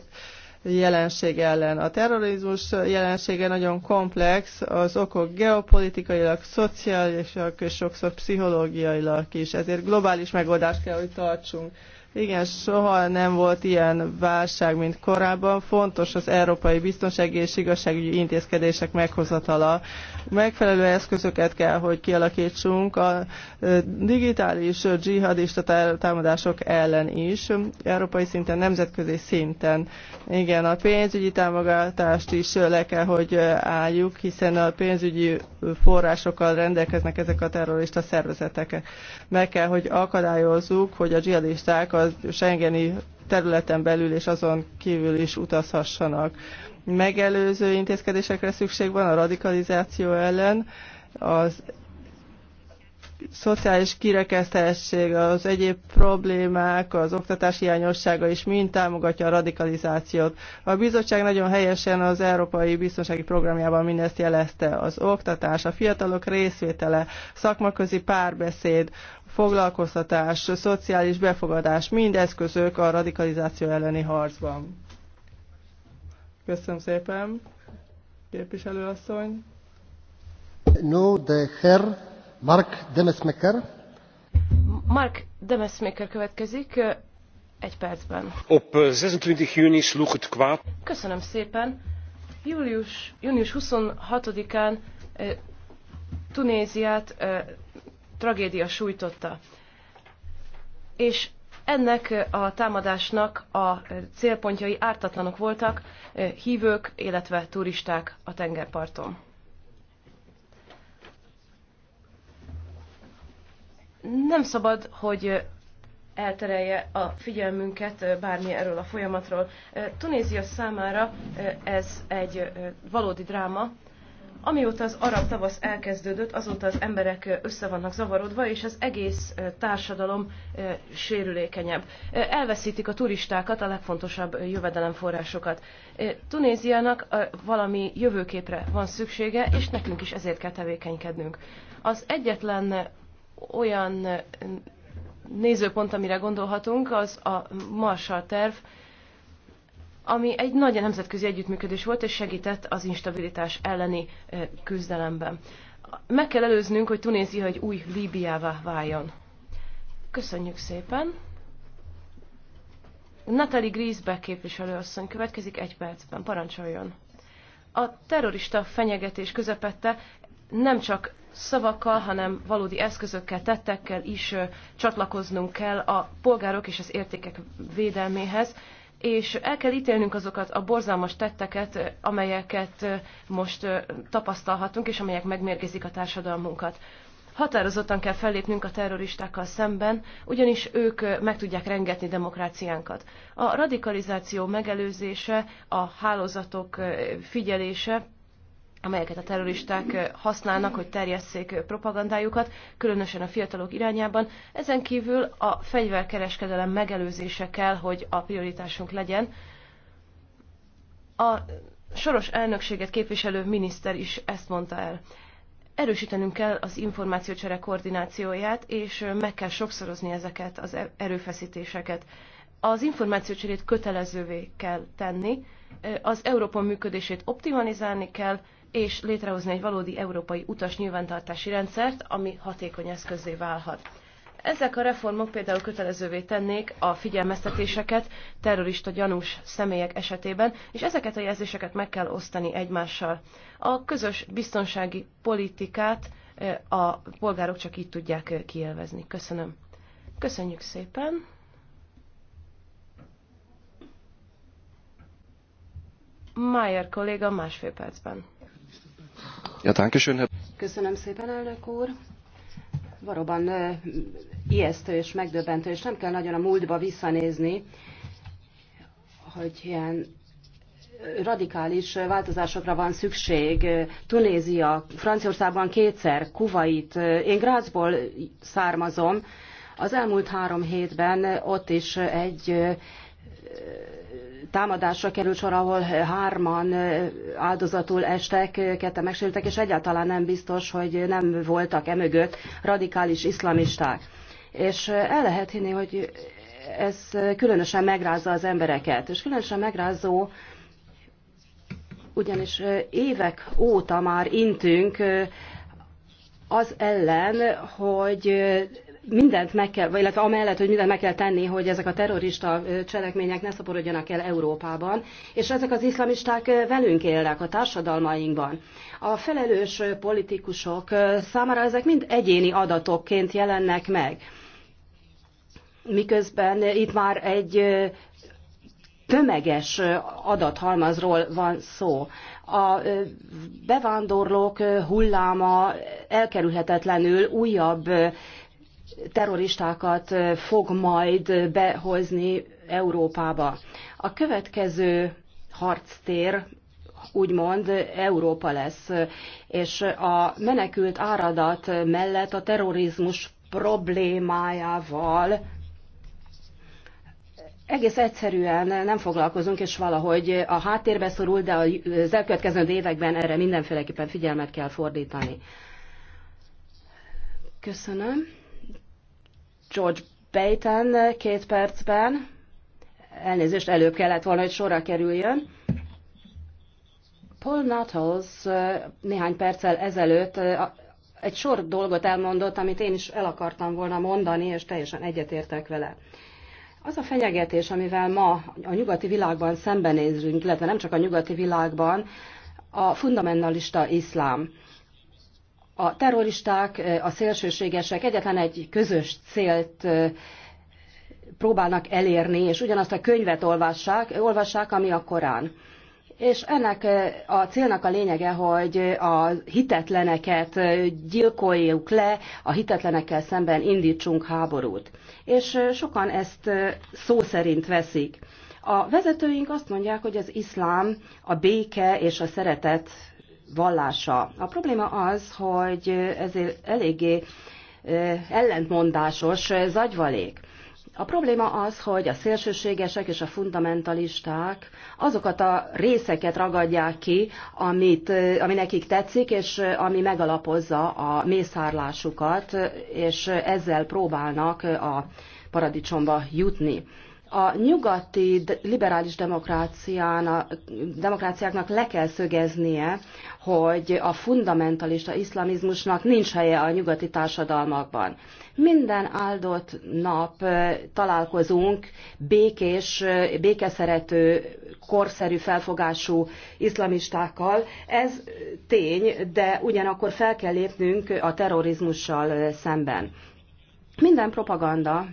jelenség ellen. A terrorizmus jelensége nagyon komplex, az okok geopolitikailag, szociálisak és sokszor pszichológiailag is, ezért globális megoldást kell, hogy tartsunk. Igen, soha nem volt ilyen válság, mint korábban. Fontos az európai biztonsági és igazságügyi intézkedések meghozatala megfelelő eszközöket kell, hogy kialakítsunk a digitális dzsihadista támadások ellen is, európai szinten, nemzetközi szinten. Igen, a pénzügyi támogatást is le kell, hogy álljuk, hiszen a pénzügyi forrásokkal rendelkeznek ezek a terrorista szervezetek. Meg kell, hogy akadályozzuk, hogy a dzsihadisták a Schengeni területen belül és azon kívül is utazhassanak megelőző intézkedésekre szükség van a radikalizáció ellen, az szociális kirekesztettség, az egyéb problémák, az oktatás hiányossága is mind támogatja a radikalizációt. A bizottság nagyon helyesen az Európai Biztonsági Programjában mindezt jelezte. Az oktatás, a fiatalok részvétele, szakmaközi párbeszéd, foglalkoztatás, szociális befogadás, mind eszközök a radikalizáció elleni harcban. Köszönöm szépen, képviselőasszony. No, de Herr Mark Demesmaker. Mark Demesmaker következik egy percben. Op 26 júni sloeg het kwaad. Köszönöm szépen. Július, június 26-án Tunéziát tragédia sújtotta. És ennek a támadásnak a célpontjai ártatlanok voltak, hívők, illetve turisták a tengerparton. Nem szabad, hogy elterelje a figyelmünket bármi erről a folyamatról. Tunézia számára ez egy valódi dráma, Amióta az arab tavasz elkezdődött, azóta az emberek össze vannak zavarodva, és az egész társadalom sérülékenyebb. Elveszítik a turistákat, a legfontosabb jövedelemforrásokat. Tunéziának valami jövőképre van szüksége, és nekünk is ezért kell tevékenykednünk. Az egyetlen olyan nézőpont, amire gondolhatunk, az a Marshall terv, ami egy nagy nemzetközi együttműködés volt, és segített az instabilitás elleni küzdelemben. Meg kell előznünk, hogy Tunézia egy új Líbiává váljon. Köszönjük szépen! Natalie Griesbeck képviselőasszony következik egy percben. Parancsoljon! A terrorista fenyegetés közepette nem csak szavakkal, hanem valódi eszközökkel, tettekkel is csatlakoznunk kell a polgárok és az értékek védelméhez, és el kell ítélnünk azokat a borzalmas tetteket, amelyeket most tapasztalhatunk, és amelyek megmérgezik a társadalmunkat. Határozottan kell fellépnünk a terroristákkal szemben, ugyanis ők meg tudják rengetni demokráciánkat. A radikalizáció megelőzése, a hálózatok figyelése amelyeket a terroristák használnak, hogy terjesszék propagandájukat, különösen a fiatalok irányában. Ezen kívül a fegyverkereskedelem megelőzése kell, hogy a prioritásunk legyen. A soros elnökséget képviselő miniszter is ezt mondta el. Erősítenünk kell az információcsere koordinációját, és meg kell sokszorozni ezeket az e-, erőfeszítéseket. Az információcserét kötelezővé kell tenni, az Európa működését optimalizálni kell, és létrehozni egy valódi európai utas nyilvántartási rendszert, ami hatékony eszközé válhat. Ezek a reformok például kötelezővé tennék a figyelmeztetéseket terrorista gyanús személyek esetében, és ezeket a jelzéseket meg kell osztani egymással. A közös biztonsági politikát eh, a polgárok csak így tudják eh, kielvezni. Köszönöm. Köszönjük szépen. Mayer kolléga másfél percben. Ja, Köszönöm szépen, elnök úr. Valóban ijesztő és megdöbbentő, és nem kell nagyon a múltba visszanézni, hogy ilyen radikális változásokra van szükség. Tunézia, Franciaországban kétszer, Kuwait, én Grázból származom. Az elmúlt három hétben ott is egy támadásra került sor, ahol hárman áldozatul estek, kette megsérültek, és egyáltalán nem biztos, hogy nem voltak emögött radikális iszlamisták. És el lehet hinni, hogy ez különösen megrázza az embereket, és különösen megrázó, ugyanis évek óta már intünk az ellen, hogy mindent meg kell, illetve amellett, hogy mindent meg kell tenni, hogy ezek a terrorista cselekmények ne szaporodjanak el Európában, és ezek az iszlamisták velünk élnek a társadalmainkban. A felelős politikusok számára ezek mind egyéni adatokként jelennek meg. Miközben itt már egy tömeges adathalmazról van szó. A bevándorlók hulláma elkerülhetetlenül újabb terroristákat fog majd behozni Európába. A következő harctér úgymond Európa lesz, és a menekült áradat mellett a terrorizmus problémájával egész egyszerűen nem foglalkozunk, és valahogy a háttérbe szorul, de az elkövetkező években erre mindenféleképpen figyelmet kell fordítani. Köszönöm. George Payton két percben. Elnézést, előbb kellett volna, hogy sorra kerüljön. Paul Nuttles néhány perccel ezelőtt egy sor dolgot elmondott, amit én is el akartam volna mondani, és teljesen egyetértek vele. Az a fenyegetés, amivel ma a nyugati világban szembenézünk, illetve nem csak a nyugati világban, a fundamentalista iszlám a terroristák, a szélsőségesek egyetlen egy közös célt próbálnak elérni, és ugyanazt a könyvet olvassák, olvassák ami a Korán. És ennek a célnak a lényege, hogy a hitetleneket gyilkoljuk le, a hitetlenekkel szemben indítsunk háborút. És sokan ezt szó szerint veszik. A vezetőink azt mondják, hogy az iszlám a béke és a szeretet vallása. A probléma az, hogy ez eléggé ellentmondásos zagyvalék. A probléma az, hogy a szélsőségesek és a fundamentalisták azokat a részeket ragadják ki, amit, ami nekik tetszik, és ami megalapozza a mészárlásukat, és ezzel próbálnak a paradicsomba jutni a nyugati liberális demokráciáknak le kell szögeznie, hogy a fundamentalista iszlamizmusnak nincs helye a nyugati társadalmakban. Minden áldott nap találkozunk békés, békeszerető, korszerű felfogású iszlamistákkal. Ez tény, de ugyanakkor fel kell lépnünk a terrorizmussal szemben. Minden propaganda,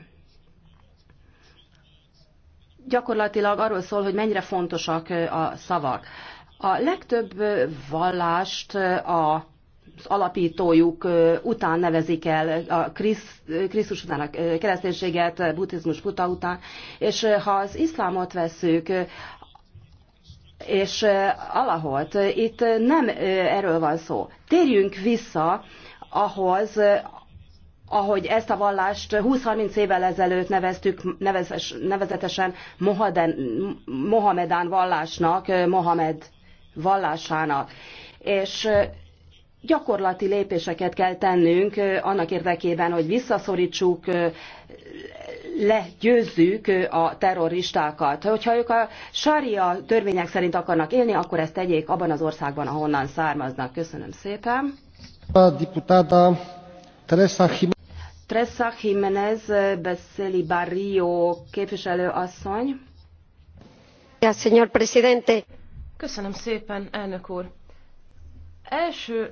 gyakorlatilag arról szól, hogy mennyire fontosak a szavak. A legtöbb vallást a az alapítójuk után nevezik el a Krisz, Krisztus után a kereszténységet, buddhizmus buta után, és ha az iszlámot veszük, és alaholt, itt nem erről van szó. Térjünk vissza ahhoz, ahogy ezt a vallást 20-30 évvel ezelőtt neveztük nevezes, nevezetesen Mohaden, Mohamedán vallásnak, Mohamed vallásának. És gyakorlati lépéseket kell tennünk annak érdekében, hogy visszaszorítsuk, legyőzzük a terroristákat. Hogyha ők a sária törvények szerint akarnak élni, akkor ezt tegyék abban az országban, ahonnan származnak. Köszönöm szépen. A Teresa Jiménez. Tressa Jiménez beszéli Barrio képviselő asszony. Ja, señor presidente. Köszönöm szépen, elnök úr. Első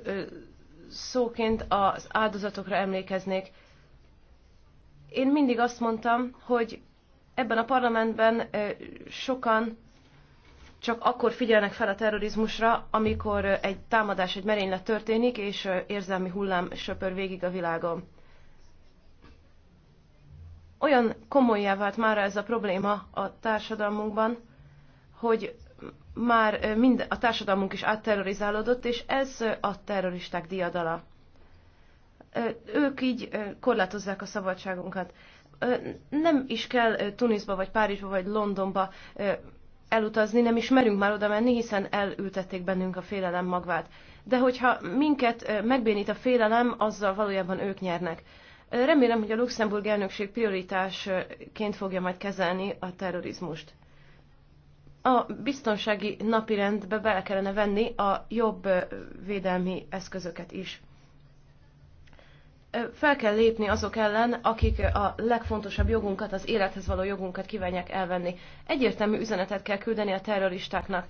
szóként az áldozatokra emlékeznék. Én mindig azt mondtam, hogy ebben a parlamentben sokan csak akkor figyelnek fel a terrorizmusra, amikor egy támadás, egy merénylet történik, és érzelmi hullám söpör végig a világon olyan komolyá vált már ez a probléma a társadalmunkban, hogy már mind, a társadalmunk is átterrorizálódott, és ez a terroristák diadala. Ők így korlátozzák a szabadságunkat. Nem is kell Tunisba, vagy Párizsba, vagy Londonba elutazni, nem is merünk már oda menni, hiszen elültették bennünk a félelem magvát. De hogyha minket megbénít a félelem, azzal valójában ők nyernek. Remélem, hogy a Luxemburg elnökség prioritásként fogja majd kezelni a terrorizmust. A biztonsági napirendbe bele kellene venni a jobb védelmi eszközöket is. Fel kell lépni azok ellen, akik a legfontosabb jogunkat, az élethez való jogunkat kívánják elvenni. Egyértelmű üzenetet kell küldeni a terroristáknak.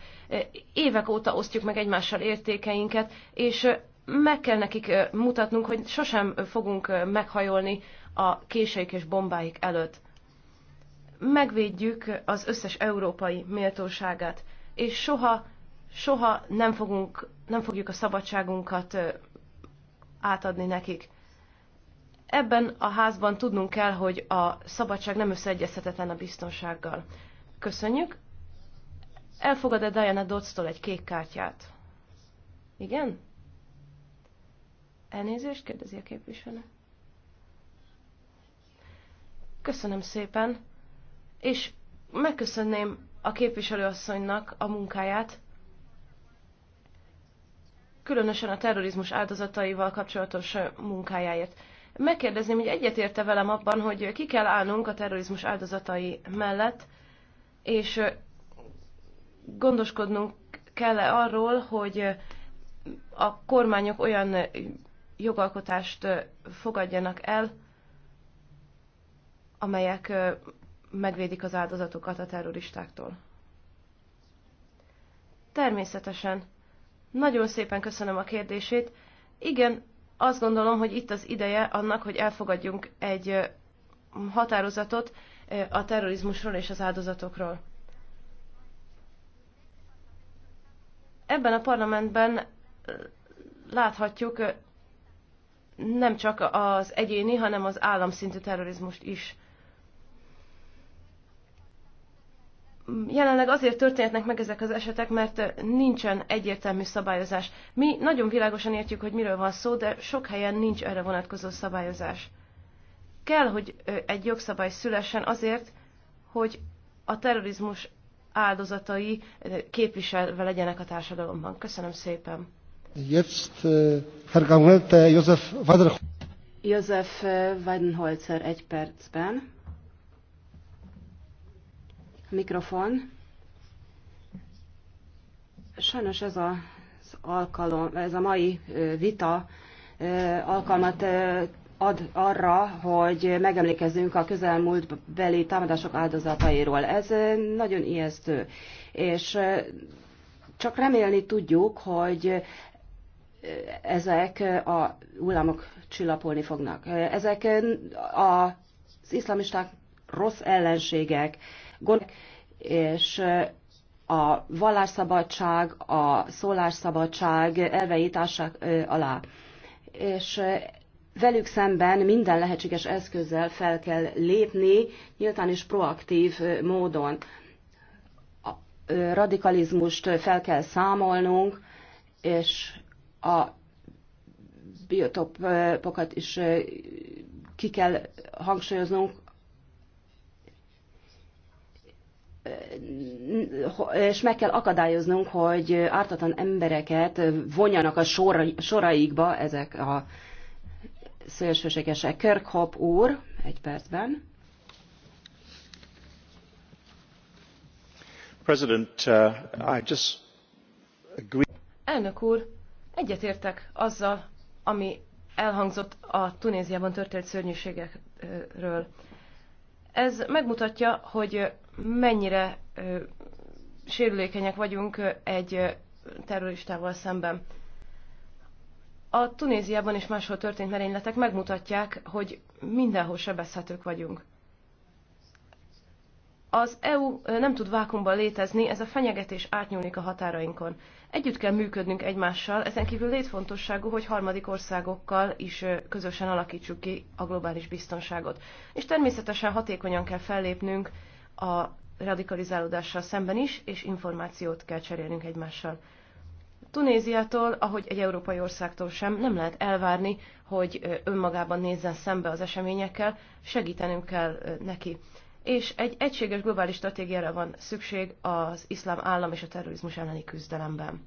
Évek óta osztjuk meg egymással értékeinket, és meg kell nekik mutatnunk, hogy sosem fogunk meghajolni a késeik és bombáik előtt. Megvédjük az összes európai méltóságát, és soha, soha nem, fogunk, nem fogjuk a szabadságunkat átadni nekik. Ebben a házban tudnunk kell, hogy a szabadság nem összeegyezhetetlen a biztonsággal. Köszönjük. Elfogad-e Diana Dodds-tól egy kék kártyát? Igen? Elnézést kérdezi a képviselő. Köszönöm szépen, és megköszönném a képviselőasszonynak a munkáját, különösen a terrorizmus áldozataival kapcsolatos munkájáért. Megkérdezném, hogy egyetérte velem abban, hogy ki kell állnunk a terrorizmus áldozatai mellett, és gondoskodnunk kell -e arról, hogy a kormányok olyan jogalkotást fogadjanak el, amelyek megvédik az áldozatokat a terroristáktól. Természetesen. Nagyon szépen köszönöm a kérdését. Igen, azt gondolom, hogy itt az ideje annak, hogy elfogadjunk egy határozatot a terrorizmusról és az áldozatokról. Ebben a parlamentben láthatjuk nem csak az egyéni, hanem az államszintű terrorizmust is. Jelenleg azért történhetnek meg ezek az esetek, mert nincsen egyértelmű szabályozás. Mi nagyon világosan értjük, hogy miről van szó, de sok helyen nincs erre vonatkozó szabályozás. Kell, hogy egy jogszabály szülessen azért, hogy a terrorizmus áldozatai képviselve legyenek a társadalomban. Köszönöm szépen! Jetzt äh, Herr Gangelte, József Weidenholzer. Josef äh, Weidenholzer egy percben. Mikrofon. Sajnos ez a alkalom, ez a mai vita alkalmat ad arra, hogy megemlékezzünk a közelmúltbeli támadások áldozatairól. Ez nagyon ijesztő. És csak remélni tudjuk, hogy ezek a hullámok csillapolni fognak. Ezek az iszlamisták rossz ellenségek, gond, és a vallásszabadság, a szólásszabadság elveit alá. És velük szemben minden lehetséges eszközzel fel kell lépni, nyilván is proaktív módon. A radikalizmust fel kell számolnunk, és a biotopokat is ki kell hangsúlyoznunk, és meg kell akadályoznunk, hogy ártatlan embereket vonjanak a sor, soraikba ezek a szélsőségesek. Kirkhop úr, egy percben. President, uh, I just agree. Elnök úr, Egyetértek azzal, ami elhangzott a Tunéziában történt szörnyűségekről. Ez megmutatja, hogy mennyire sérülékenyek vagyunk egy terroristával szemben. A Tunéziában és máshol történt merényletek megmutatják, hogy mindenhol sebezhetők vagyunk. Az EU nem tud vákumban létezni, ez a fenyegetés átnyúlik a határainkon. Együtt kell működnünk egymással, ezen kívül létfontosságú, hogy harmadik országokkal is közösen alakítsuk ki a globális biztonságot. És természetesen hatékonyan kell fellépnünk a radikalizálódással szemben is, és információt kell cserélnünk egymással. Tunéziától, ahogy egy európai országtól sem, nem lehet elvárni, hogy önmagában nézzen szembe az eseményekkel, segítenünk kell neki és egy egységes globális stratégiára van szükség az iszlám állam és a terrorizmus elleni küzdelemben.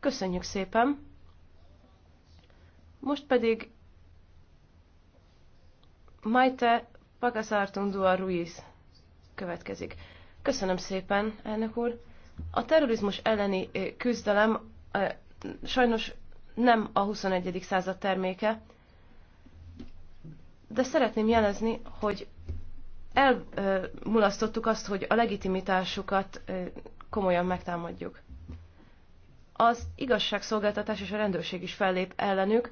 Köszönjük szépen! Most pedig Maite Pagaszártundua Ruiz következik. Köszönöm szépen, elnök úr! A terrorizmus elleni küzdelem sajnos nem a 21. század terméke, de szeretném jelezni, hogy elmulasztottuk azt, hogy a legitimitásukat komolyan megtámadjuk. Az igazságszolgáltatás és a rendőrség is fellép ellenük,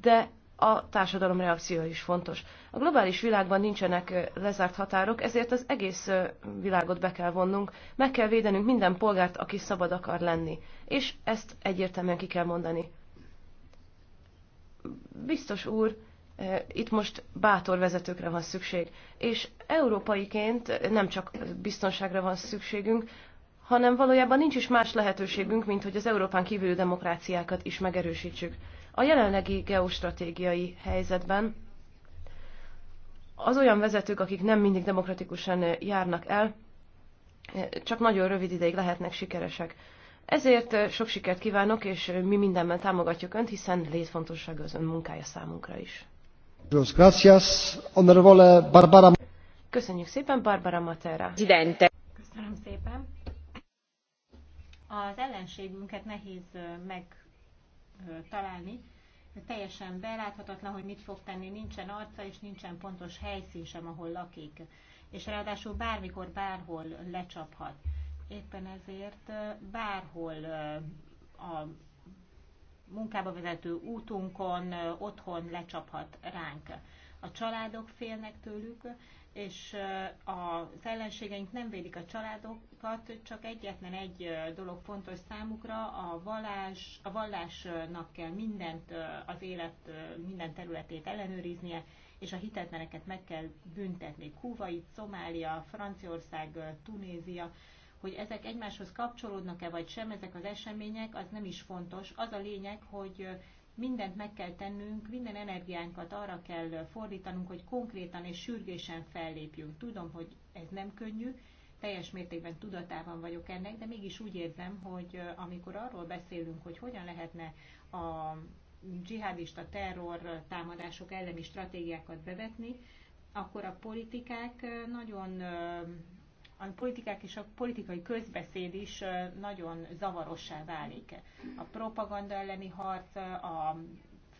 de a társadalom reakciója is fontos. A globális világban nincsenek lezárt határok, ezért az egész világot be kell vonnunk, meg kell védenünk minden polgárt, aki szabad akar lenni. És ezt egyértelműen ki kell mondani. Biztos úr, itt most bátor vezetőkre van szükség. És európaiként nem csak biztonságra van szükségünk, hanem valójában nincs is más lehetőségünk, mint hogy az Európán kívüli demokráciákat is megerősítsük. A jelenlegi geostratégiai helyzetben az olyan vezetők, akik nem mindig demokratikusan járnak el, csak nagyon rövid ideig lehetnek sikeresek. Ezért sok sikert kívánok, és mi mindenben támogatjuk Önt, hiszen létfontosság az Ön munkája számunkra is. Köszönjük szépen, Barbara Matera. Köszönöm szépen. Az ellenségünket nehéz megtalálni. Teljesen beláthatatlan, hogy mit fog tenni. Nincsen arca és nincsen pontos helyszín sem, ahol lakik. És ráadásul bármikor, bárhol lecsaphat. Éppen ezért bárhol a munkába vezető útunkon, otthon lecsaphat ránk. A családok félnek tőlük, és az ellenségeink nem védik a családokat, csak egyetlen egy dolog fontos számukra, a vallás, a vallásnak kell mindent, az élet minden területét ellenőriznie, és a hitetleneket meg kell büntetni. Kuwait, Szomália, Franciaország, Tunézia, hogy ezek egymáshoz kapcsolódnak-e vagy sem, ezek az események, az nem is fontos. Az a lényeg, hogy mindent meg kell tennünk, minden energiánkat arra kell fordítanunk, hogy konkrétan és sürgésen fellépjünk. Tudom, hogy ez nem könnyű, teljes mértékben tudatában vagyok ennek, de mégis úgy érzem, hogy amikor arról beszélünk, hogy hogyan lehetne a dzsihadista terror támadások elleni stratégiákat bevetni, akkor a politikák nagyon a politikák és a politikai közbeszéd is nagyon zavarossá válik. A propaganda elleni harc, a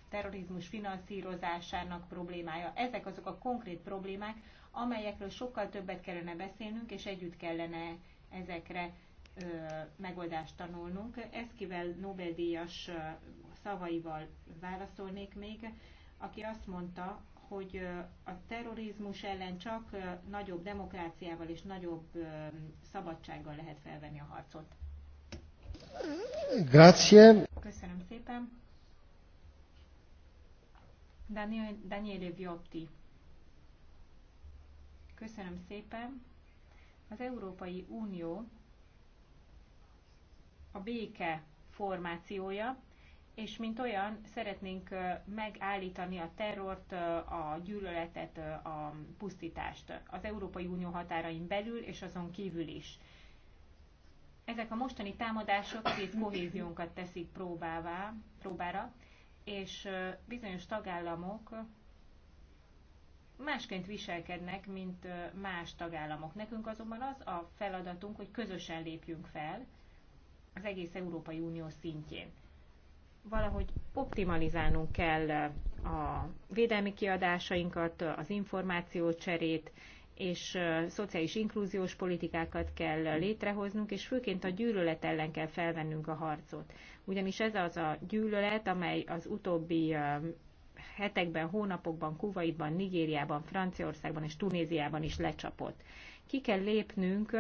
terrorizmus finanszírozásának problémája, ezek azok a konkrét problémák, amelyekről sokkal többet kellene beszélnünk, és együtt kellene ezekre ö, megoldást tanulnunk. Ezt kivel Nobel-díjas szavaival válaszolnék még, aki azt mondta, hogy a terrorizmus ellen csak nagyobb demokráciával és nagyobb szabadsággal lehet felvenni a harcot. Grazie. Köszönöm szépen. Daniele, Viotti. Köszönöm szépen. Az Európai Unió a béke formációja, és mint olyan szeretnénk megállítani a terrort, a gyűlöletet, a pusztítást az Európai Unió határain belül és azon kívül is. Ezek a mostani támadások két kohéziónkat teszik próbává, próbára, és bizonyos tagállamok másként viselkednek, mint más tagállamok. Nekünk azonban az a feladatunk, hogy közösen lépjünk fel az egész Európai Unió szintjén valahogy optimalizálnunk kell a védelmi kiadásainkat, az információcserét, és szociális inkluziós politikákat kell létrehoznunk, és főként a gyűlölet ellen kell felvennünk a harcot. Ugyanis ez az a gyűlölet, amely az utóbbi hetekben, hónapokban, Kuwaitban, Nigériában, Franciaországban és Tunéziában is lecsapott. Ki kell lépnünk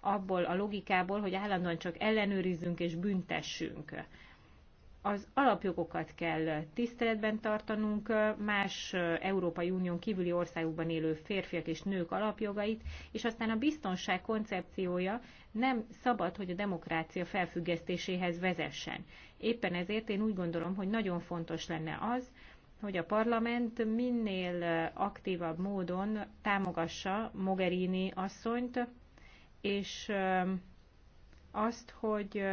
abból a logikából, hogy állandóan csak ellenőrizzünk és büntessünk az alapjogokat kell tiszteletben tartanunk, más Európai Unión kívüli országokban élő férfiak és nők alapjogait, és aztán a biztonság koncepciója nem szabad, hogy a demokrácia felfüggesztéséhez vezessen. Éppen ezért én úgy gondolom, hogy nagyon fontos lenne az, hogy a parlament minél aktívabb módon támogassa Mogherini asszonyt, és azt, hogy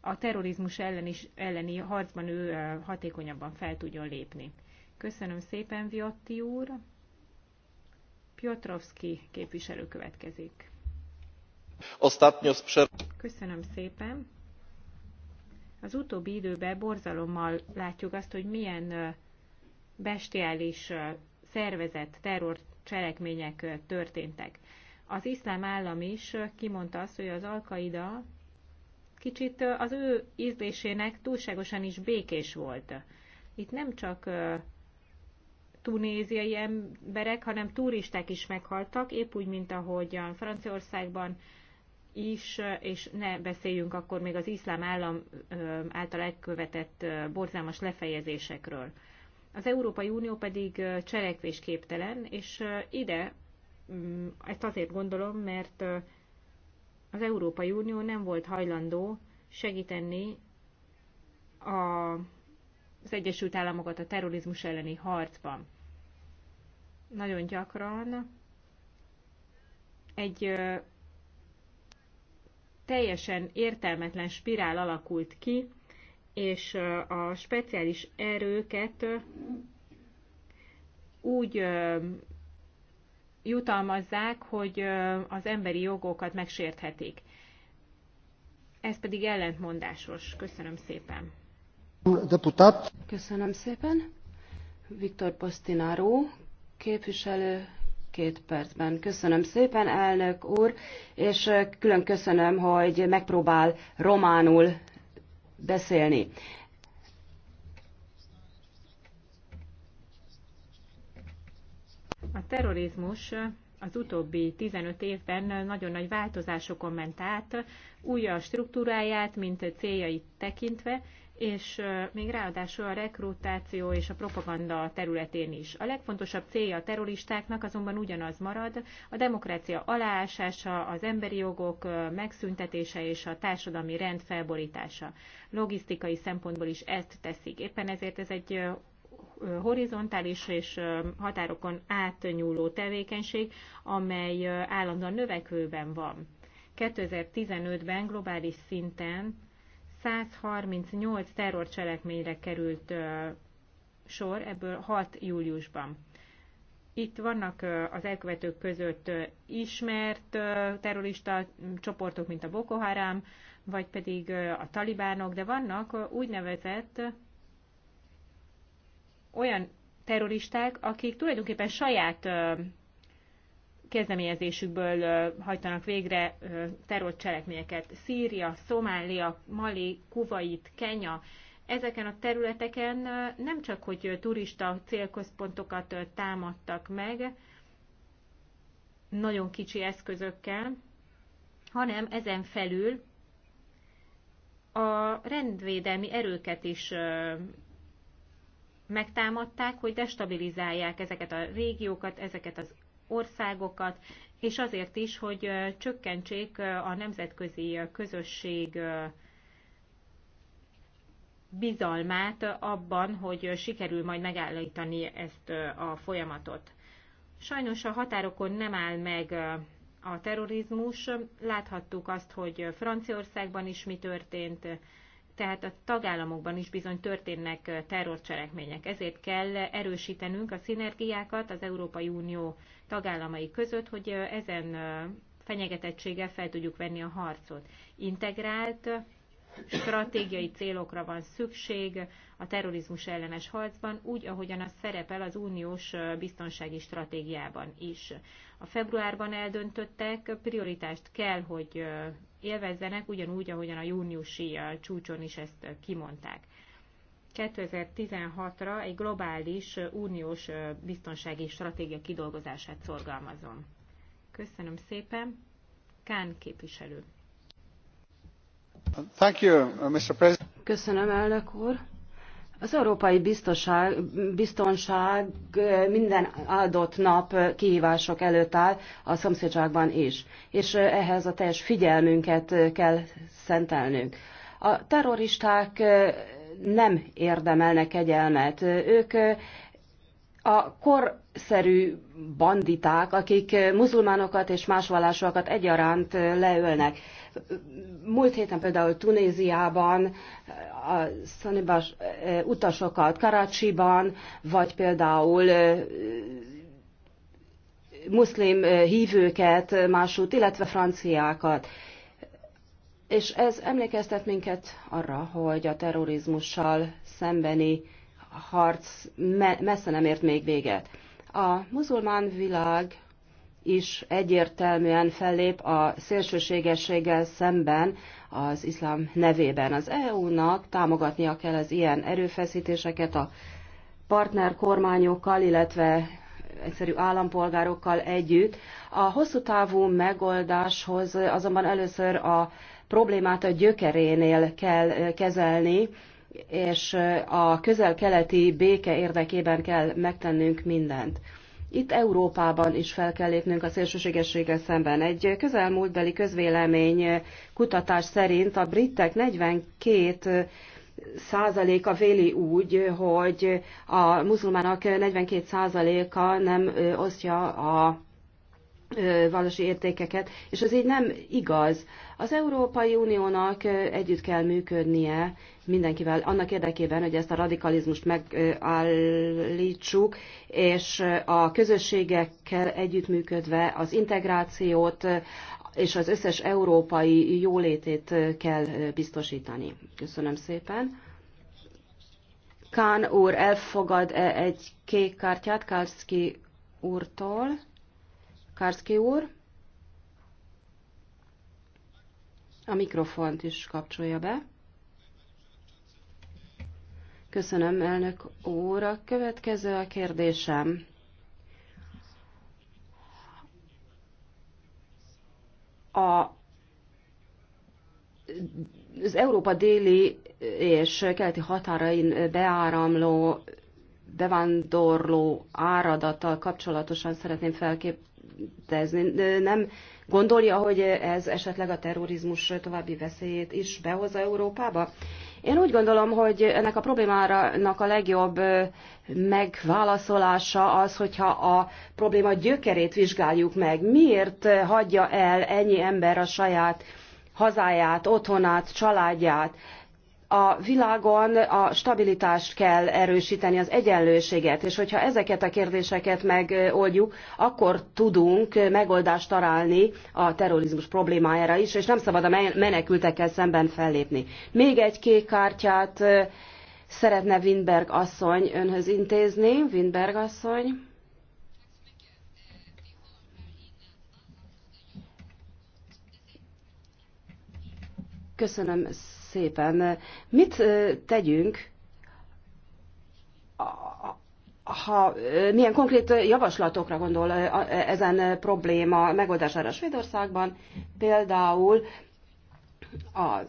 a terrorizmus ellen is, elleni harcban ő hatékonyabban fel tudjon lépni. Köszönöm szépen, Viotti úr. Piotrowski képviselő következik. Köszönöm szépen. Az utóbbi időben borzalommal látjuk azt, hogy milyen bestiális szervezett terrorcselekmények történtek. Az iszlám állam is kimondta azt, hogy az al kicsit az ő ízlésének túlságosan is békés volt. Itt nem csak tunéziai emberek, hanem turisták is meghaltak, épp úgy, mint ahogyan Franciaországban is, és ne beszéljünk akkor még az iszlám állam által elkövetett borzalmas lefejezésekről. Az Európai Unió pedig cselekvésképtelen, és ide mm, ezt azért gondolom, mert az Európai Unió nem volt hajlandó segíteni a, az Egyesült Államokat a terrorizmus elleni harcban. Nagyon gyakran egy teljesen értelmetlen spirál alakult ki, és a speciális erőket úgy jutalmazzák, hogy az emberi jogokat megsérthetik. Ez pedig ellentmondásos. Köszönöm szépen. Deputat. Köszönöm szépen. Viktor Postinaró, képviselő, két percben. Köszönöm szépen, elnök úr, és külön köszönöm, hogy megpróbál románul beszélni. A terrorizmus az utóbbi 15 évben nagyon nagy változásokon ment át, új a struktúráját, mint céljait tekintve, és még ráadásul a rekrutáció és a propaganda területén is. A legfontosabb célja a terroristáknak azonban ugyanaz marad, a demokrácia aláásása, az emberi jogok megszüntetése és a társadalmi rend felborítása. Logisztikai szempontból is ezt teszik. Éppen ezért ez egy horizontális és határokon átnyúló tevékenység, amely állandóan növekvőben van. 2015-ben globális szinten 138 terrorcselekményre került sor, ebből 6 júliusban. Itt vannak az elkövetők között ismert terrorista csoportok, mint a Boko Haram, vagy pedig a talibánok, de vannak úgynevezett olyan terroristák, akik tulajdonképpen saját kezdeményezésükből hajtanak végre terrorcselekményeket. Szíria, Szomália, Mali, Kuwait, Kenya, ezeken a területeken nem csak, hogy turista célközpontokat támadtak meg, nagyon kicsi eszközökkel, hanem ezen felül a rendvédelmi erőket is megtámadták, hogy destabilizálják ezeket a régiókat, ezeket az országokat, és azért is, hogy csökkentsék a nemzetközi közösség bizalmát abban, hogy sikerül majd megállítani ezt a folyamatot. Sajnos a határokon nem áll meg a terrorizmus. Láthattuk azt, hogy Franciaországban is mi történt, tehát a tagállamokban is bizony történnek terrorcselekmények. Ezért kell erősítenünk a szinergiákat az Európai Unió tagállamai között, hogy ezen fenyegetettséggel fel tudjuk venni a harcot. Integrált stratégiai célokra van szükség, a terrorizmus ellenes harcban, úgy, ahogyan az szerepel az uniós biztonsági stratégiában is. A februárban eldöntöttek prioritást kell, hogy élvezzenek, ugyanúgy, ahogyan a júniusi csúcson is ezt kimondták. 2016-ra egy globális uniós biztonsági stratégia kidolgozását szorgalmazom. Köszönöm szépen. Kán képviselő. Thank you, uh, Mr. President. Köszönöm, elnök úr. Az európai biztonság, biztonság eh, minden áldott nap kihívások előtt áll a szomszédságban is, és eh, ehhez a teljes figyelmünket eh, kell szentelnünk. A terroristák nem érdemelnek egyelmet. Ők a korszerű banditák, akik muzulmánokat és más vallásokat egyaránt leölnek. Múlt héten például Tunéziában, a szanibas utasokat Karácsiban, vagy például muszlim hívőket másút, illetve franciákat. És ez emlékeztet minket arra, hogy a terrorizmussal szembeni harc messze nem ért még véget. A muzulmán világ is egyértelműen fellép a szélsőségességgel szemben az iszlám nevében. Az EU-nak támogatnia kell az ilyen erőfeszítéseket a partner kormányokkal, illetve egyszerű állampolgárokkal együtt. A hosszú távú megoldáshoz azonban először a problémát a gyökerénél kell kezelni, és a közel-keleti béke érdekében kell megtennünk mindent. Itt Európában is fel kell lépnünk a szélsőségességgel szemben. Egy közelmúltbeli közvélemény kutatás szerint a britek 42 százaléka véli úgy, hogy a muzulmának 42 százaléka nem osztja a vallási értékeket, és ez így nem igaz. Az Európai Uniónak együtt kell működnie mindenkivel annak érdekében, hogy ezt a radikalizmust megállítsuk, és a közösségekkel együttműködve az integrációt és az összes európai jólétét kell biztosítani. Köszönöm szépen. Kán úr elfogad -e egy kék kártyát Kárszki úrtól? Kárszki úr? A mikrofont is kapcsolja be. Köszönöm, elnök óra. Következő a kérdésem. A, az Európa déli és keleti határain beáramló, bevándorló áradattal kapcsolatosan szeretném felkérdezni. Nem Gondolja, hogy ez esetleg a terrorizmus további veszélyét is behozza Európába? Én úgy gondolom, hogy ennek a problémának a legjobb megválaszolása az, hogyha a probléma gyökerét vizsgáljuk meg. Miért hagyja el ennyi ember a saját hazáját, otthonát, családját? a világon a stabilitást kell erősíteni, az egyenlőséget, és hogyha ezeket a kérdéseket megoldjuk, akkor tudunk megoldást találni a terrorizmus problémájára is, és nem szabad a menekültekkel szemben fellépni. Még egy kék kártyát szeretne Winberg asszony önhöz intézni. Winberg asszony. Köszönöm szépen. Mit tegyünk, ha milyen konkrét javaslatokra gondol ezen probléma megoldására Svédországban, például a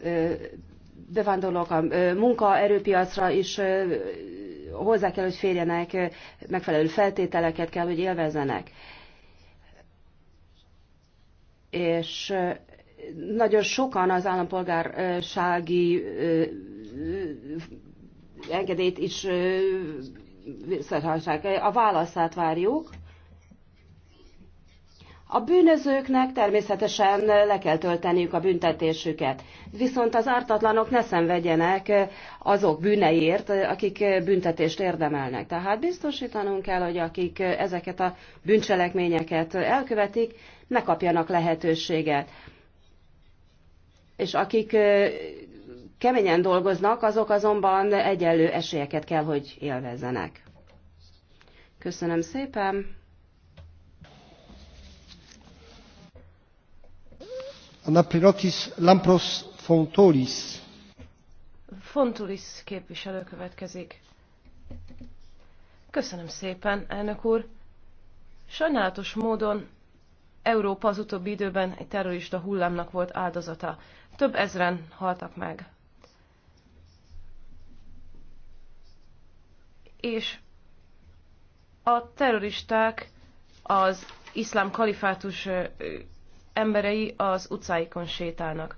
bevándorlók a munkaerőpiacra is hozzá kell, hogy férjenek, megfelelő feltételeket kell, hogy élvezzenek. És nagyon sokan az állampolgársági engedélyt is visszahassák. A válaszát várjuk. A bűnözőknek természetesen le kell tölteniük a büntetésüket, viszont az ártatlanok ne szenvedjenek azok bűneiért, akik büntetést érdemelnek. Tehát biztosítanunk kell, hogy akik ezeket a bűncselekményeket elkövetik, ne kapjanak lehetőséget és akik keményen dolgoznak, azok azonban egyenlő esélyeket kell, hogy élvezzenek. Köszönöm szépen! Anaprilotis Lampros Fontolis. Fontolis képviselő következik. Köszönöm szépen, elnök úr. Sajnálatos módon Európa az utóbbi időben egy terrorista hullámnak volt áldozata több ezren haltak meg. És a terroristák, az iszlám kalifátus emberei az utcáikon sétálnak.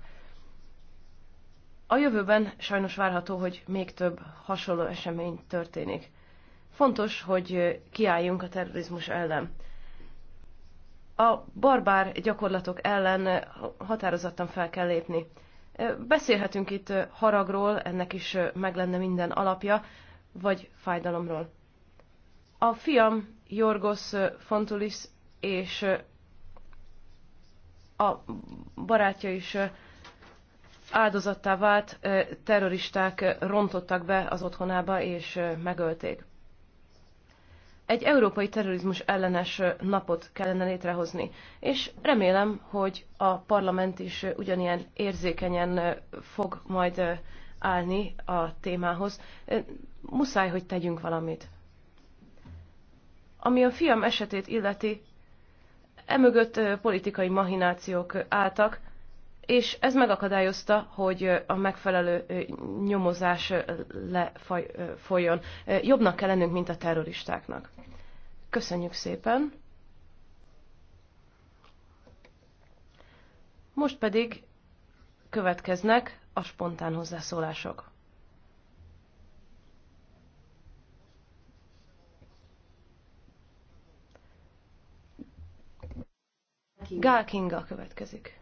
A jövőben sajnos várható, hogy még több hasonló esemény történik. Fontos, hogy kiálljunk a terrorizmus ellen a barbár gyakorlatok ellen határozottan fel kell lépni. Beszélhetünk itt haragról, ennek is meg lenne minden alapja, vagy fájdalomról. A fiam Jorgos Fontulis és a barátja is áldozattá vált, terroristák rontottak be az otthonába és megölték egy európai terrorizmus ellenes napot kellene létrehozni. És remélem, hogy a parlament is ugyanilyen érzékenyen fog majd állni a témához. Muszáj, hogy tegyünk valamit. Ami a fiam esetét illeti, emögött politikai mahinációk álltak, és ez megakadályozta, hogy a megfelelő nyomozás lefolyjon. Jobbnak kell lennünk, mint a terroristáknak. Köszönjük szépen! Most pedig következnek a spontán hozzászólások. Gál Kinga következik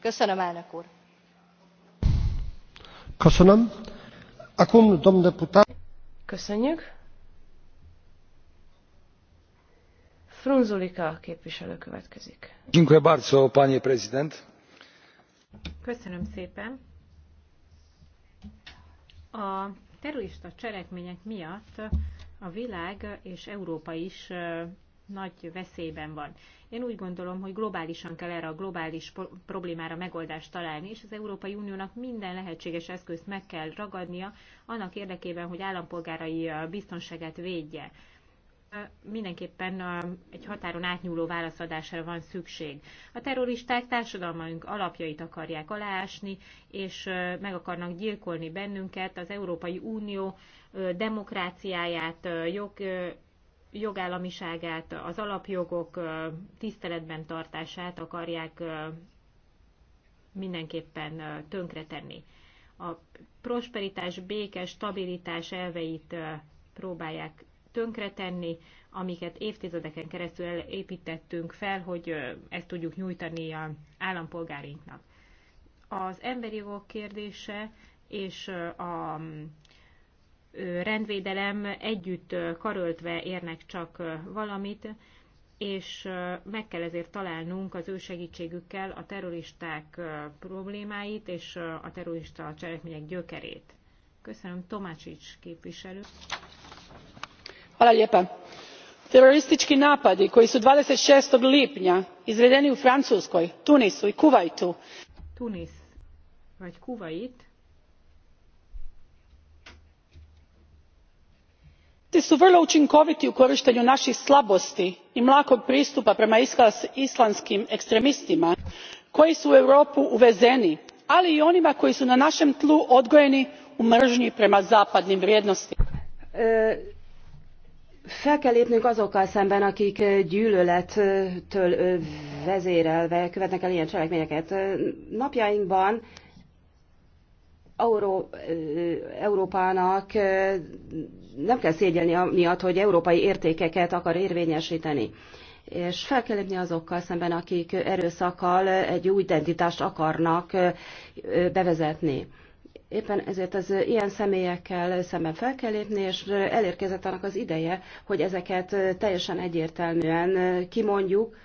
köszönöm elnök úr! köszönjük. Frunzulika képviselő következik. köszönöm szépen. a terrorista cselekmények miatt a világ és európa is nagy veszélyben van. Én úgy gondolom, hogy globálisan kell erre a globális problémára megoldást találni, és az Európai Uniónak minden lehetséges eszközt meg kell ragadnia annak érdekében, hogy állampolgárai biztonságát védje. Mindenképpen egy határon átnyúló válaszadásra van szükség. A terroristák társadalmaink alapjait akarják aláásni, és meg akarnak gyilkolni bennünket, az Európai Unió demokráciáját, jog, jogállamiságát, az alapjogok tiszteletben tartását akarják mindenképpen tönkretenni. A prosperitás, béke, stabilitás elveit próbálják tönkretenni, amiket évtizedeken keresztül építettünk fel, hogy ezt tudjuk nyújtani a állampolgárinknak. Az emberi jogok kérdése és a rendvédelem együtt karöltve érnek csak valamit, és meg kell ezért találnunk az ő segítségükkel a terroristák problémáit és a terrorista cselekmények gyökerét. Köszönöm, Tomácsics képviselő. Hvala lijepa. Teroristički napadi koji su 26. lipnja izvedeni u Francuskoj, Tunisu i Kuvajtu. Tunis vagy Kuwait ti su vrlo uinkoviti u koritenju naih slabosti i mlakog pristupa prema islamskim ekstremistima koji su u europu uvezeni ali i onima koji su na naem tlu odgojeni u mrnji prema zapadnim vrijednostima. fel kell lépnünk azokkal szemben akik gyűlölettől vezérelve követnek el ilyen cselekményeket. napjainkban Euró, Európának nem kell szégyelni amiatt, hogy európai értékeket akar érvényesíteni. És fel kell lépni azokkal szemben, akik erőszakkal egy új identitást akarnak bevezetni. Éppen ezért az ilyen személyekkel szemben fel kell lépni, és elérkezett annak az ideje, hogy ezeket teljesen egyértelműen kimondjuk,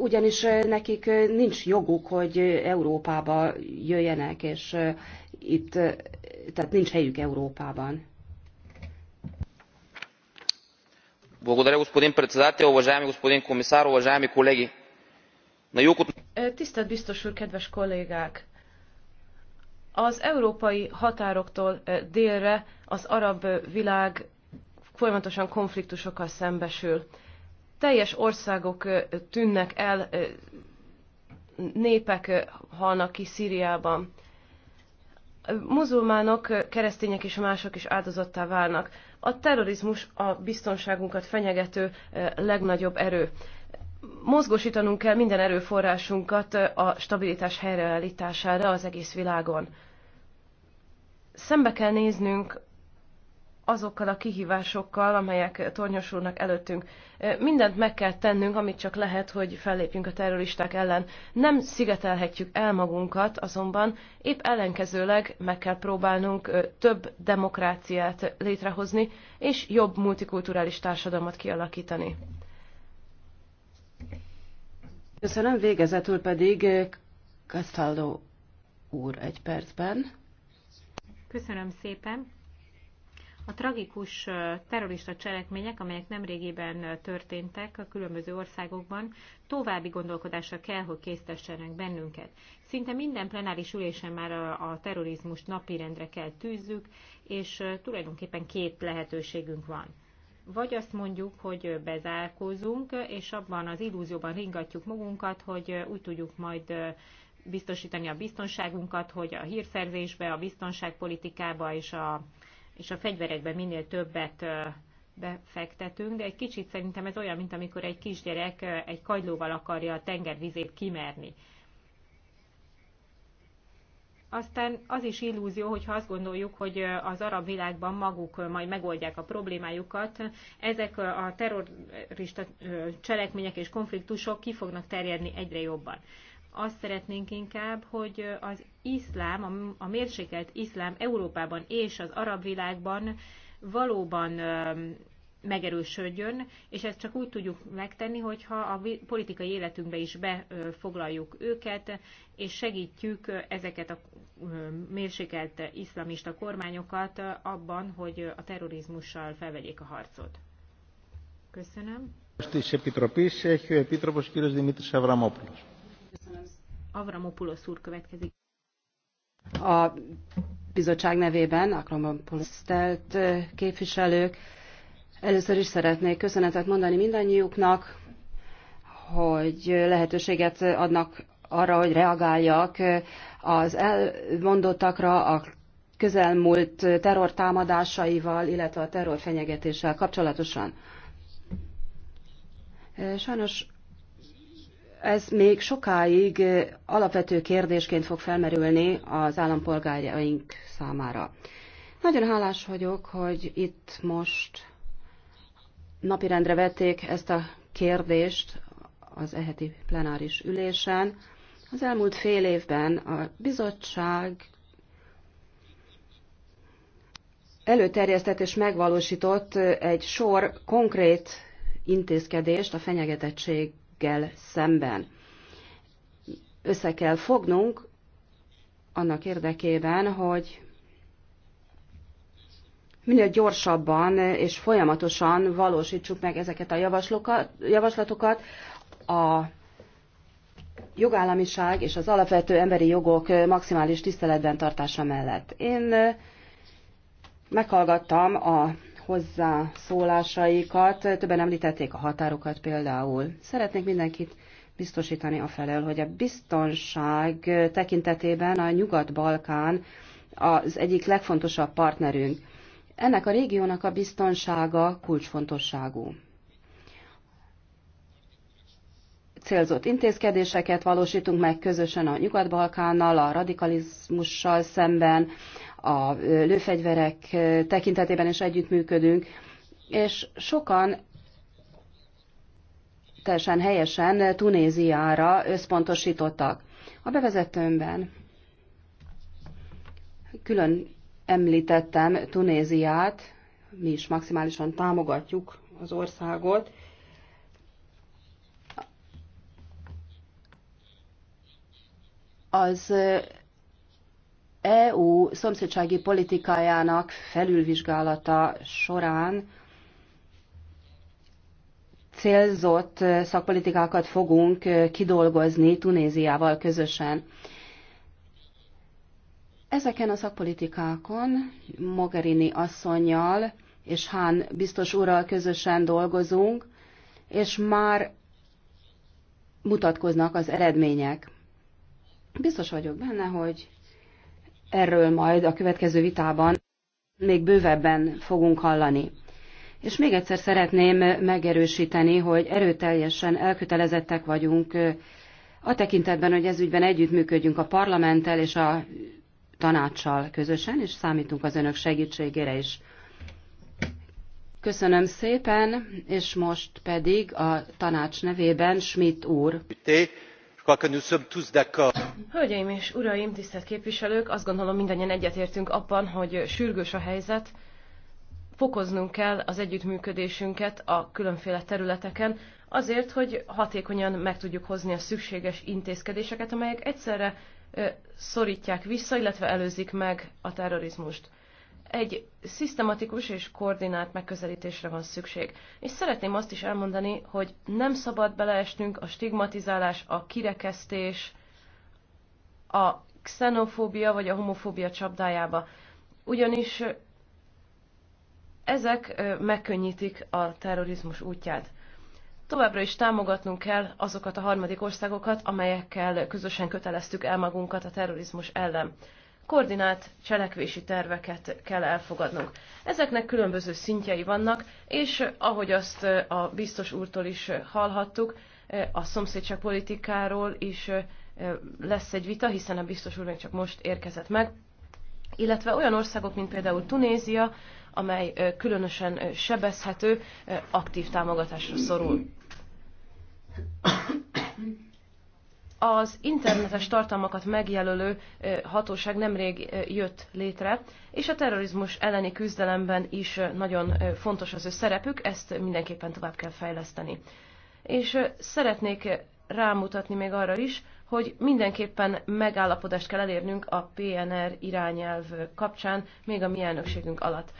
ugyanis nekik nincs joguk, hogy Európába jöjjenek, és itt, tehát nincs helyük Európában. Благодаря, господин председател, уважаеми господин комисар, уважаеми колеги. На юг от... Tisztelt biztos úr, kedves kollégák! Az európai határoktól délre az arab világ folyamatosan konfliktusokkal szembesül teljes országok tűnnek el, népek halnak ki Szíriában. Muzulmánok, keresztények és mások is áldozattá válnak. A terrorizmus a biztonságunkat fenyegető legnagyobb erő. Mozgósítanunk kell minden erőforrásunkat a stabilitás helyreállítására az egész világon. Szembe kell néznünk azokkal a kihívásokkal, amelyek tornyosulnak előttünk. Mindent meg kell tennünk, amit csak lehet, hogy fellépjünk a terroristák ellen. Nem szigetelhetjük el magunkat, azonban épp ellenkezőleg meg kell próbálnunk több demokráciát létrehozni, és jobb multikulturális társadalmat kialakítani. Köszönöm, végezetül pedig Castaldo úr egy percben. Köszönöm szépen. A tragikus terrorista cselekmények, amelyek nemrégiben történtek a különböző országokban, további gondolkodásra kell, hogy késztessenek bennünket. Szinte minden plenáris ülésen már a terrorizmust napirendre kell tűzzük, és tulajdonképpen két lehetőségünk van vagy azt mondjuk, hogy bezárkózunk, és abban az illúzióban ringatjuk magunkat, hogy úgy tudjuk majd biztosítani a biztonságunkat, hogy a hírszerzésbe, a biztonságpolitikába és a és a fegyverekben minél többet befektetünk, de egy kicsit szerintem ez olyan, mint amikor egy kisgyerek egy kagylóval akarja a tengervizét kimerni. Aztán az is illúzió, hogyha azt gondoljuk, hogy az arab világban maguk majd megoldják a problémájukat, ezek a terrorista cselekmények és konfliktusok ki fognak terjedni egyre jobban azt szeretnénk inkább, hogy az iszlám, a mérsékelt iszlám Európában és az arab világban valóban megerősödjön, és ezt csak úgy tudjuk megtenni, hogyha a politikai életünkbe is befoglaljuk őket, és segítjük ezeket a mérsékelt iszlamista kormányokat abban, hogy a terrorizmussal felvegyék a harcot. Köszönöm. Köszönöm. Avramopoulos úr következik. A bizottság nevében, Avramopoulos telt képviselők, először is szeretnék köszönetet mondani mindannyiuknak, hogy lehetőséget adnak arra, hogy reagáljak az elmondottakra, a közelmúlt terrortámadásaival, illetve a terrorfenyegetéssel kapcsolatosan. Sajnos ez még sokáig alapvető kérdésként fog felmerülni az állampolgáraink számára. Nagyon hálás vagyok, hogy itt most napirendre vették ezt a kérdést az eheti plenáris ülésen. Az elmúlt fél évben a bizottság előterjesztett és megvalósított egy sor konkrét intézkedést a fenyegetettség cégekkel szemben. Össze kell fognunk annak érdekében, hogy minél gyorsabban és folyamatosan valósítsuk meg ezeket a javaslatokat. A jogállamiság és az alapvető emberi jogok maximális tiszteletben tartása mellett. Én eh, meghallgattam a hozzászólásaikat, többen említették a határokat például. Szeretnék mindenkit biztosítani a felől, hogy a biztonság tekintetében a Nyugat-Balkán az egyik legfontosabb partnerünk. Ennek a régiónak a biztonsága kulcsfontosságú. Célzott intézkedéseket valósítunk meg közösen a Nyugat-Balkánnal, a radikalizmussal szemben, a lőfegyverek tekintetében is együttműködünk, és sokan teljesen helyesen Tunéziára összpontosítottak. A bevezetőmben külön említettem Tunéziát, mi is maximálisan támogatjuk az országot. Az EU szomszédsági politikájának felülvizsgálata során célzott szakpolitikákat fogunk kidolgozni Tunéziával közösen. Ezeken a szakpolitikákon Mogherini asszonyjal és Hán biztos úrral közösen dolgozunk, és már mutatkoznak az eredmények. Biztos vagyok benne, hogy erről majd a következő vitában még bővebben fogunk hallani. És még egyszer szeretném megerősíteni, hogy erőteljesen elkötelezettek vagyunk a tekintetben, hogy ezügyben együttműködjünk a parlamenttel és a tanácssal közösen, és számítunk az önök segítségére is. Köszönöm szépen, és most pedig a tanács nevében Schmidt úr. Hölgyeim és uraim, tisztelt képviselők, azt gondolom mindannyian egyetértünk abban, hogy sürgős a helyzet, fokoznunk kell az együttműködésünket a különféle területeken, azért, hogy hatékonyan meg tudjuk hozni a szükséges intézkedéseket, amelyek egyszerre szorítják vissza, illetve előzik meg a terrorizmust egy szisztematikus és koordinált megközelítésre van szükség. És szeretném azt is elmondani, hogy nem szabad beleesnünk a stigmatizálás, a kirekesztés, a xenofóbia vagy a homofóbia csapdájába. Ugyanis ezek megkönnyítik a terrorizmus útját. Továbbra is támogatnunk kell azokat a harmadik országokat, amelyekkel közösen köteleztük el magunkat a terrorizmus ellen koordinált cselekvési terveket kell elfogadnunk. Ezeknek különböző szintjei vannak, és ahogy azt eh, a biztos úrtól is eh, hallhattuk, eh, a politikáról is lesz egy vita, hiszen a biztos úr még csak most érkezett meg, illetve olyan országok, mint például Tunézia, amely különösen sebezhető, aktív támogatásra szorul. Az internetes tartalmakat megjelölő hatóság nemrég jött létre, és a terrorizmus elleni küzdelemben is nagyon fontos az ő szerepük, ezt mindenképpen tovább kell fejleszteni. És szeretnék rámutatni még arra is, hogy mindenképpen megállapodást kell elérnünk a PNR irányelv kapcsán, még a mi elnökségünk alatt.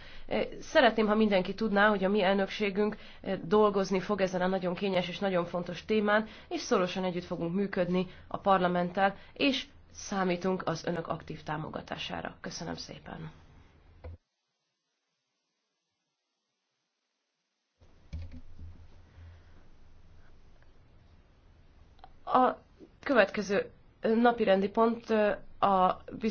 Szeretném, ha mindenki tudná, hogy a mi elnökségünk dolgozni fog ezen a nagyon kényes és nagyon fontos témán, és szorosan együtt fogunk működni a parlamenttel, és számítunk az önök aktív támogatására. Köszönöm szépen! A következő napi rendi pont a bizonyos